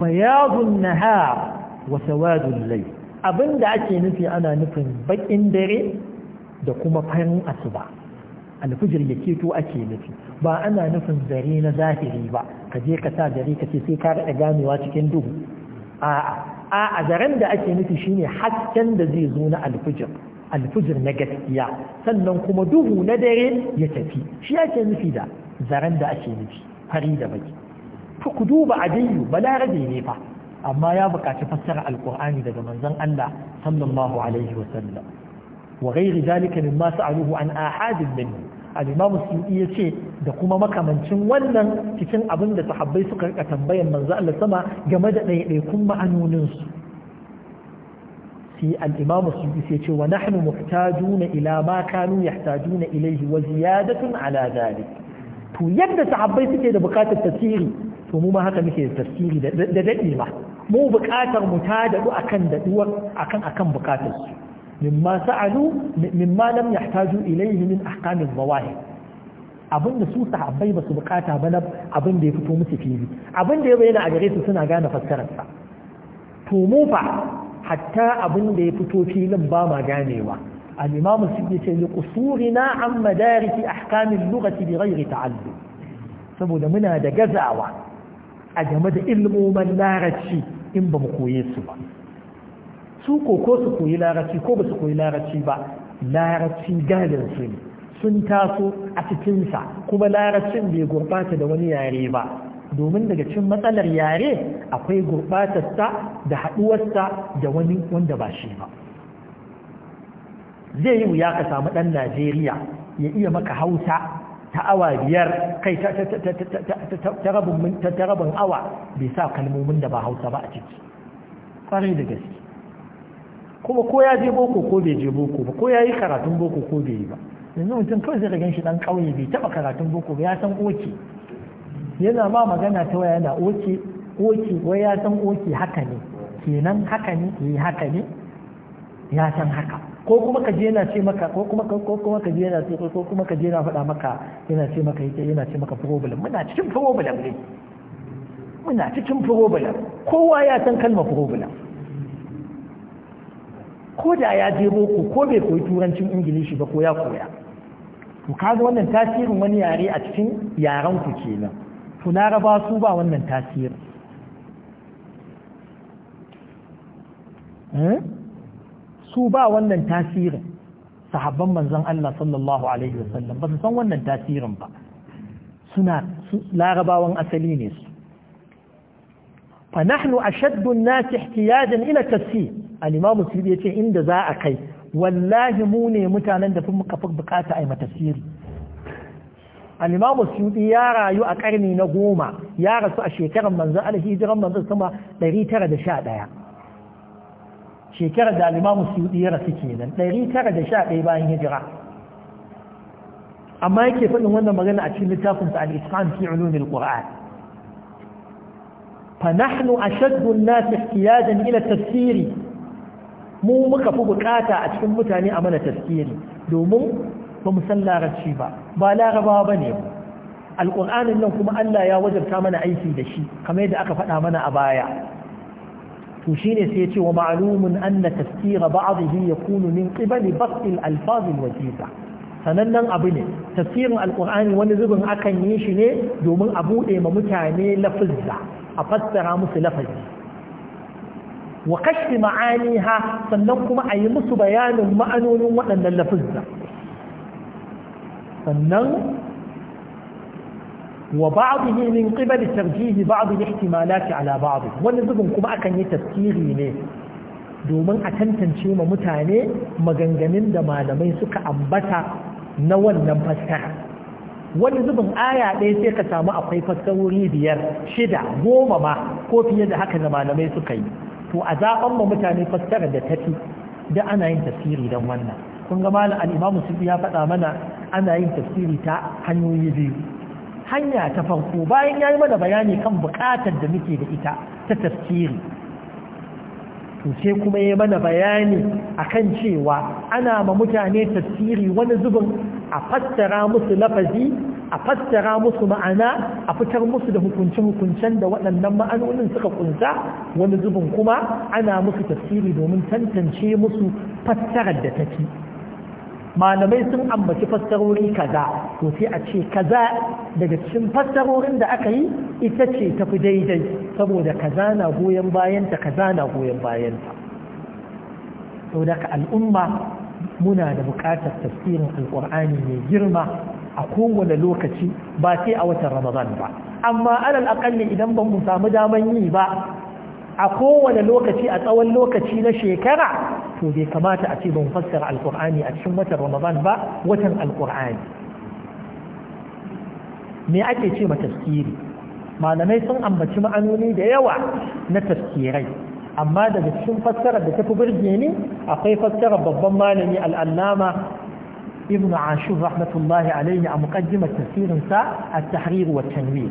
bayadun nahar wa sawadul layl abinda ake nufi ana nufin bakin dare da kuma farin asuba alfijir ya keto ake nufi ba ana nufin dare na zahiri ba ka je ka sa dare ka ce sai ka raɗa ganewa cikin duhu a'a a daren da ake nufi shine hasken da zai zo na alfijir alfujir na gaskiya sannan kuma duhu na dare ya tafi shi ake nufi da zaren da ake nufi fari da baki fa ku duba adiyu balarabe ne fa amma ya buƙaci fassara alƙur'ani daga manzon Allah sallallahu alaihi wa sallam wa ghairi zalika mimma sa'aluhu an ahadin minhu al-imam suyuti yace da kuma makamancin wannan cikin abin da sahabbai suka rika tambayan manzo Allah sama game da ɗaiɗaikun ma'anonin su sai al-imamu suyuti sai ce wa nahnu muhtajuna ila ma kanu yahtajuna ilayhi wa ziyadatun ala dhalik to yadda sahabbai suke da bukatar tafsiri to mu haka muke da tafsiri da dadi ma mu bukatar mu ta dadu akan daduwar akan akan bukatar su mimma sa'alu mimma abin da su sahabbai ba su bukata ba na abin da ya fito musu fili abin da ya bayyana a gare su suna gane fassararsa sa to mu fa hatta abin da ya fito filin ba ma ganewa al-imam sibbi ce li qusurina an madariki ahkamin lughati bi ghairi ta'allum saboda muna da gazawa a game da ilmoman larabci in ba mu koye su ba su ko ko su koyi larabci ko ba su koyi larabci ba larabci galin ne sun taso a cikinsa kuma larabcin bai gurbata da wani yare ba domin daga cin matsalar yare akwai gurbatarsa da haɗuwarsa da wani wanda ba shi ba zai yi wuya ka samu ɗan najeriya ya iya maka hausa ta awa biyar kai ta rabin awa bai sa kalmomin da ba hausa ba a ciki ƙwarai da gaske kuma ko ya je boko ko bai je boko ba ko ya yi karatun boko ko bai yi ba yanzu mutum kawai zai ragen shi ɗan ƙauye bai taɓa karatun boko ba ya san oke yana ma magana ta waya yana oke oke wai ya san oke haka ne kenan haka ne eh haka ne ya san haka ko kuma ka je yana ce maka ko kuma ko kuma ka je yana ce ko kuma ka je yana faɗa maka yana ce maka yake yana ce maka problem muna cikin problem ne muna cikin problem kowa ya san kalma problem ko da ya je boko ko bai koyi turancin ingilishi ba ko ya koya to kaga wannan tasirin wani yare a cikin yaren ku kenan to laraba su ba wannan tasirin eh? su ba wannan tasirin sahabban manzon Allah sallallahu alaihi wasallam ba su san wannan tasirin ba suna larabawan asali ne su فنحن أشد الناس احتياجا إلى تفسير الإمام السيدي يقول إن ذا أكي والله موني متانا دفن مكفر a أي متفسيري al-imam suyuti ya rayu a ƙarni na goma ya rasu a shekarar manzo alhijiran hijiran sama 911 shekarar da al-imam suyuti ya rasu kenan 911 bayan hijira amma yake faɗin wannan magana a cikin littafin sa al-itqan fi ulum al-qur'an fa nahnu ashaddu an-nas ihtiyajan ila tafsiri mu muka fi bukata a cikin mutane a mana tafsiri domin ba mu san larabci ba ba larabawa ba ne ba alƙur'anin nan kuma Allah ya wajabta mana aiki da shi kamar yadda aka faɗa mana a baya to shine sai ya ce wa ma'lumun anna tafsira ba'dihi yakunu min qibali basl al-alfaz al-wajiza sanannen abu ne tafsirin alkur'ani wani zubin akan yi shi ne domin a buɗe ma mutane lafizza a fassara musu lafazi wa kashi ma'ani ha sannan kuma a yi musu bayanin ma'anonin waɗannan lafizza sannan wa ba'dihi min qibal tarjihi ba'd al-ihtimalati ala ba'd Wani zubin kuma akan yi tafsiri ne domin a tantance ma mutane maganganun da malamai suka ambata na wannan fassara wani zubin aya ɗaya sai ka samu akwai fassarori biyar shida goma ma ko fiye da haka da malamai suka yi to a zaɓan ma mutane fassara da tafi da ana yin tafsiri don wannan kun ga malam al ya faɗa mana ana yin tafsiri ta hanyoyi biyu hanya ta farko bayan yayi mana bayani kan buƙatar da muke da ita ta tafsiri to sai kuma yayi mana bayani akan cewa ana ma mutane tafsiri wani zubin a fassara musu lafazi a fassara musu ma'ana a fitar musu da hukunce-hukuncen da waɗannan ma'anonin suka kunsa wani zubin kuma ana musu tafsiri domin tantance musu fassarar da take malamai sun ambaci fassarori kaza to sai a ce kaza daga cikin fassarorin da aka yi ita ce tafi daidai saboda kaza na goyon bayanta kaza na goyon bayanta saboda daka al'umma muna da buƙatar tafsirin alƙur'ani mai girma a kowane lokaci ba sai a watan ramadan ba amma alal aƙalli idan ba mu samu daman yi ba a kowane lokaci a tsawon lokaci na shekara to bai kamata a ce ban fassara alkur'ani a cikin watan ramadan ba watan alkur'ani me ake ce ma tafsiri malamai sun ambaci ma'anoni da yawa na tafsirai amma daga cikin fassarar da tafi birge ni, akwai fassarar babban malami al'allama ibn ashur rahmatullahi alaihi a tafsirin tafsirinsa a tahrir wa tanwir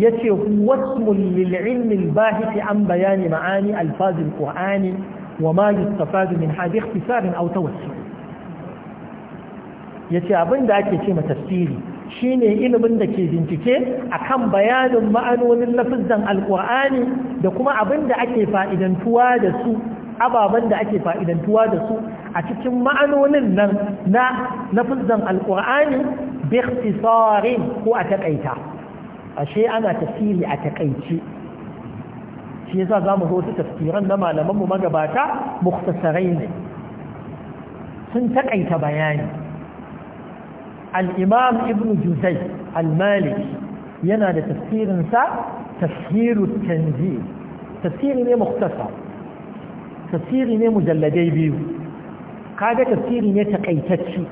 yace wasmun lil ilmi al bahith an bayani ma'ani alfaz al qur'ani wa ma yustafad min hadi ikhtisar aw tawassul yace abinda ake ce ma tafsiri shine ilimin da ke bincike akan bayanin ma'anonin lafizan alkur'ani da kuma abinda ake fa'idantuwa da su ababen da ake fa'idantuwa da su a cikin ma'anonin nan na lafizan alkur'ani bi ikhtisarin ko a takaita ashe ana tafsiri a taƙaice shi yasa za mu zo wasu tafsiran na malaman mu magabata mukhtasarai ne sun takaita bayani al-imam ibn juzai al-malik yana da tafsirin sa tafsiru tanzil tafsiri ne mukhtasar tafsiri ne mujalladai biyu kaga tafsiri ne takaitacce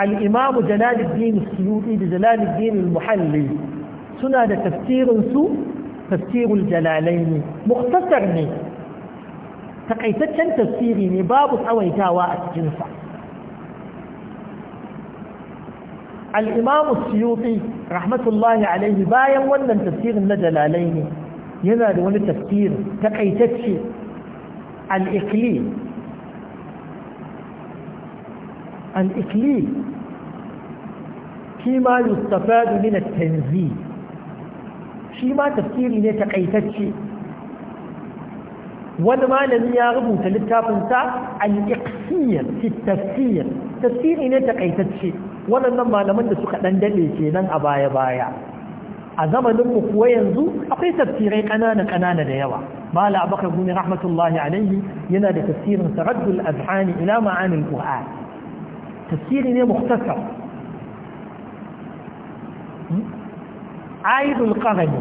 al'imamu jalaluddin suyuti da jalaluddin muhalli suna da tafsirinsu tafsirul jalalai ne muktasar ne takaitaccen tafsiri ne babu tsawaitawa a cikinsa al'imamu suyuti rahmatullahi alaihi bayan wannan tafsirin na jalalai yana da wani tafsir takaitacce al'ikli الإكليل فيما يستفاد من التنزيل فيما تفكيري نتقيتتشي ولما لم يغبو تلتافنسا الإقسير في التفسير تفسيري نتقيتتشي waɗannan malaman da suka ɗan daɗe kenan a baya-baya a zamaninmu kuwa yanzu akwai tafsirai ƙanana-ƙanana da yawa mala abakar gumi rahmatullahi alaihi yana da tafsirin saraddul azhani ina ma'anin qur'an tafsiri ne muktasar aidul qarani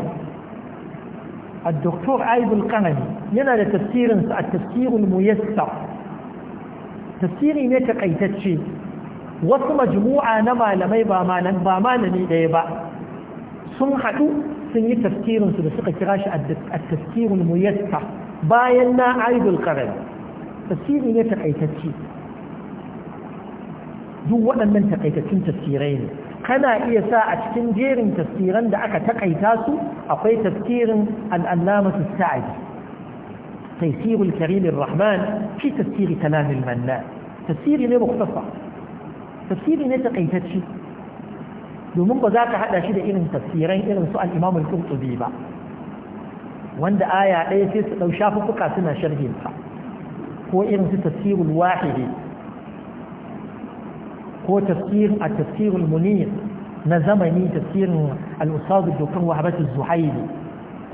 الدكتور عايد القنبي yana da tafsirinsa a tafsirul muyassar tafsiri wasu majmu'a na malamai ba malami ɗaya ba sun haɗu sun yi tafsirinsu da suka kira shi a tafsirul muyassar bayan na aidul qarar tafsiri ne takaitacce duk waɗannan takaitaccen tasirai ne kana iya sa a cikin jerin tasiran da aka takaita su akwai tafsirin su sa'adi tafsirul karimin rahman shi tafsiri kalamin manna tafsiri ne muktasa tafsiri ne domin ba za ka haɗa shi da irin tafsiran irin su al'imamul kurtubi ba wanda aya ɗaya sai su ɗau shafuffuka suna sharhinsa ko irin su tafsirul wahidi هو تفسير التفسير المنير نظام يعني تفسير الأستاذ الدكتور وحبات الزحيلي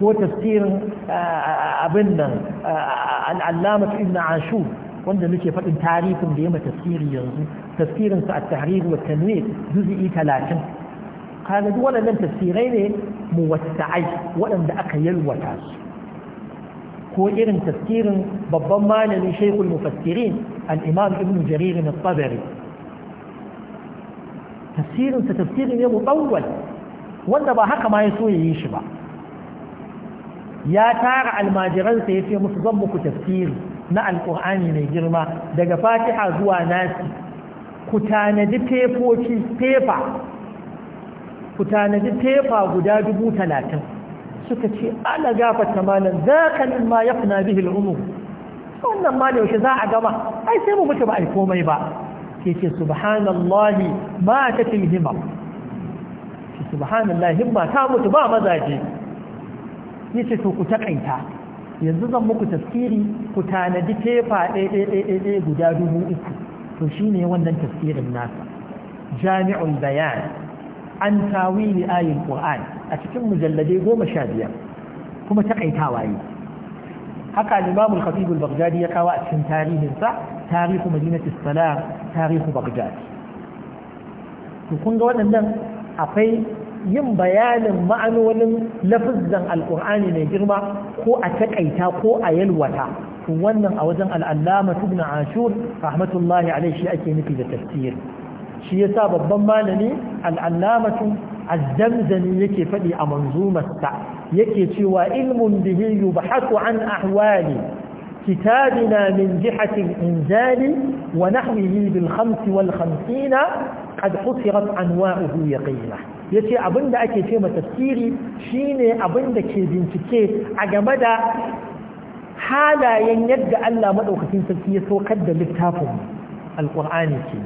هو تفسير آه، آه، أبنى آه، العلامة ابن عاشور وانده مكي فاتن تعريفهم ليما تفسير ينزو تفسير التحرير والتنوير جزئي إيه ثلاثة قال ولا لم تفسيرين موسعي ولا لم دعك يلوتاش هو إيرن تفسير ببما لشيخ المفسرين الإمام ابن جرير الطبري tafsirinsa tafsiri ne mutawwal wanda ba haka ma ya so ya yi shi ba ya tara almajiransa ya ce musu zan muku tafsiri na alkur'ani mai girma daga fatiha zuwa nasi ku tanadi fefofi fefa ku tanadi fefa guda dubu talatin suka ce ala gafata malam za ka ma ya bihi al'umur wannan ma da yaushe za a gama ai sai mu mutu ba a komai ba sai ce subhanallahi ma ta himma ce subhanallahi himma ta mutu ba mazaje yace to ku takaita yanzu zan muku tafsiri ku tanadi tefa ɗaya guda dubu uku to shine wannan tafsirin nasa jami'ul bayan an tawili ayin qur'an a cikin mujalladai goma sha biyar kuma takaitawa ne haka limamul khatibul baghdadi ya kawo a cikin tarihinsa تاريخ مدينة السلام تاريخ بغداد kun ga أن akwai yin bayanin ma'anonin lafizan Alƙur'ani mai girma ko a takaita ko a yalwata wannan a wajen al'allama ibn ashur rahmatullahi alaihi shi ake nufi da tafsir shi yasa babban malami al'allamatu azzamzani yake faɗi a manzumarsa yake cewa ilmun bihi yubhasu an ahwali كتابنا من جهة الإنزال ونحوه بالخمس والخمسين قد حصرت أنواعه يقينة yace abin da ake ce tafsiri shine abin da ke bincike a game da halayen yadda Allah maɗaukacin sarki ya saukar da littafin Alƙur'ani ke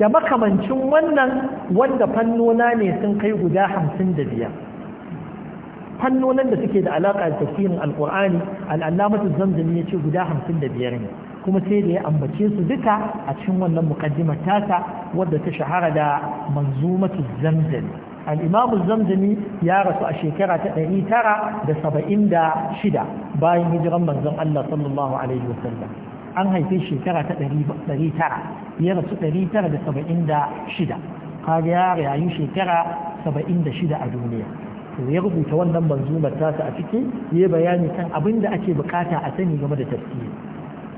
da makamancin wannan wanda fannona ne sun kai guda hamsin da biyar. fannonin da suke da alaƙa da tafsirin alƙur'ani al'allamatu zamzami ya ce guda hamsin da biyar ne kuma sai da ya ambace su duka a cikin wannan mukaddima tasa wadda ta shahara da manzumatu zamzami al'imamu zamzami ya rasu a shekara ta ɗari tara da saba'in da shida bayan hijiran manzon Allah sallallahu alaihi wasallam an haife shekara ta ɗari tara ya rasu ɗari tara da saba'in da shida kaga ya rayu shekara saba'in da shida a duniya to ya rubuta wannan manzumar tasa a cikin ya bayani kan abin da ake bukata a sani game da tafsiri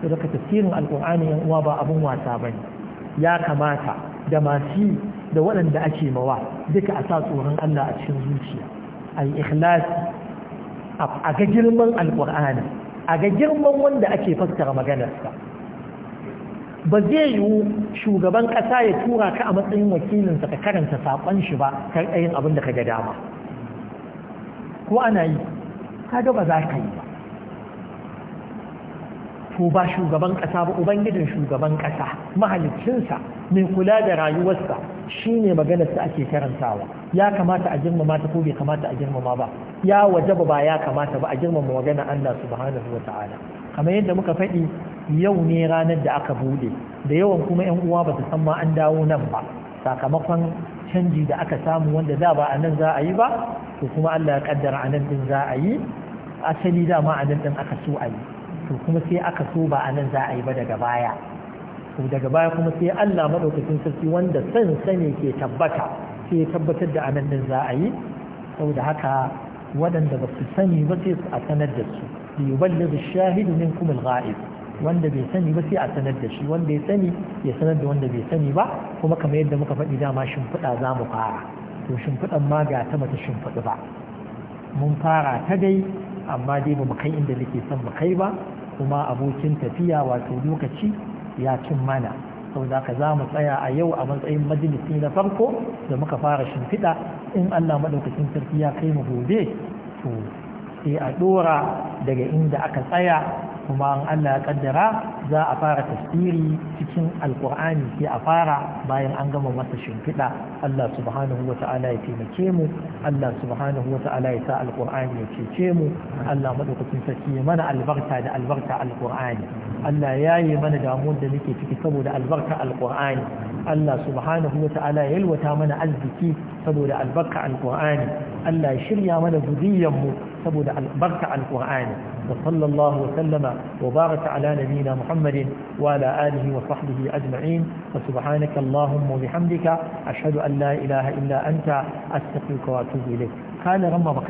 to daga tafsirin alkur'ani yan uwa ba abin wasa bane ya kamata da masu da waɗanda ake mawa duka a sa tsoron Allah a cikin zuciya a yi a ga girman alkur'ani a ga girman wanda ake fassara maganarsa ba zai yiwu shugaban ƙasa ya tura ka a matsayin wakilinsa ka karanta saƙon shi ba kar yin abin da ka ga dama ko ana yi kaga ba za ka yi ba to ba shugaban ƙasa ba ubangijin shugaban ƙasa mahalicinsa mai kula da rayuwarsa shi ne maganarsa ake karantawa ya kamata a girmama ta ko bai kamata a girmama ba ya waje ba ya kamata ba a girmama magana Allah subhanahu wata'ala kamar yadda muka faɗi yau ne ranar da aka bude da yawan kuma 'yan uwa ba su san ma an dawo nan ba sakamakon canji da aka samu wanda da ba a nan za a yi ba to kuma Allah ya kaddara a nan din za a yi asali dama a nan din aka so a yi to kuma sai aka so ba a nan za a yi ba daga baya to daga baya kuma sai Allah madaukakin sarki wanda san sane ke tabbata sai ya tabbatar da a nan din za a yi saboda haka waɗanda ba su sani ba sai a sanar da su liyuballigh shahidu shahid kuma al-ghaib wanda bai sani ba sai a sanar da shi wanda ya sani ya sanar da wanda bai sani ba kuma kamar yadda muka faɗi dama shimfiɗa za mu fara to shimfiɗan ma ga ta mata shimfiɗu ba mun fara ta dai amma dai ba mu kai inda nake son mu kai ba kuma abokin tafiya wato lokaci ya cin mana saboda ka za mu tsaya a yau a matsayin majalisi na farko da muka fara shimfiɗa in Allah maɗaukacin sarki ya kai mu gobe to sai a ɗora daga inda aka tsaya kuma an Allah ya kaddara za a fara tafsiri cikin alkur'ani sai a fara bayan an gama masa shimfiɗa Allah subhanahu wa ta'ala ya taimake mu Allah subhanahu wa ta'ala ya sa alkur'ani ya cece mu Allah madaukakin sarki ya mana albarka da albarka alkur'ani Allah ya yi mana damuwar da muke ciki saboda albarka alkur'ani Allah subhanahu wa ta'ala ya yalwata mana arziki saboda albarka alkur'ani Allah ya shirya mana zuriyar mu saboda albarka alqur'ani wa sallallahu wa wa baraka ala nabiyyina muhammadin wa ala alihi wa sahbihi ajma'in wa subhanaka allahumma wa bihamdika ashhadu an la ilaha illa anta astaghfiruka wa atubu ilayk kana ramma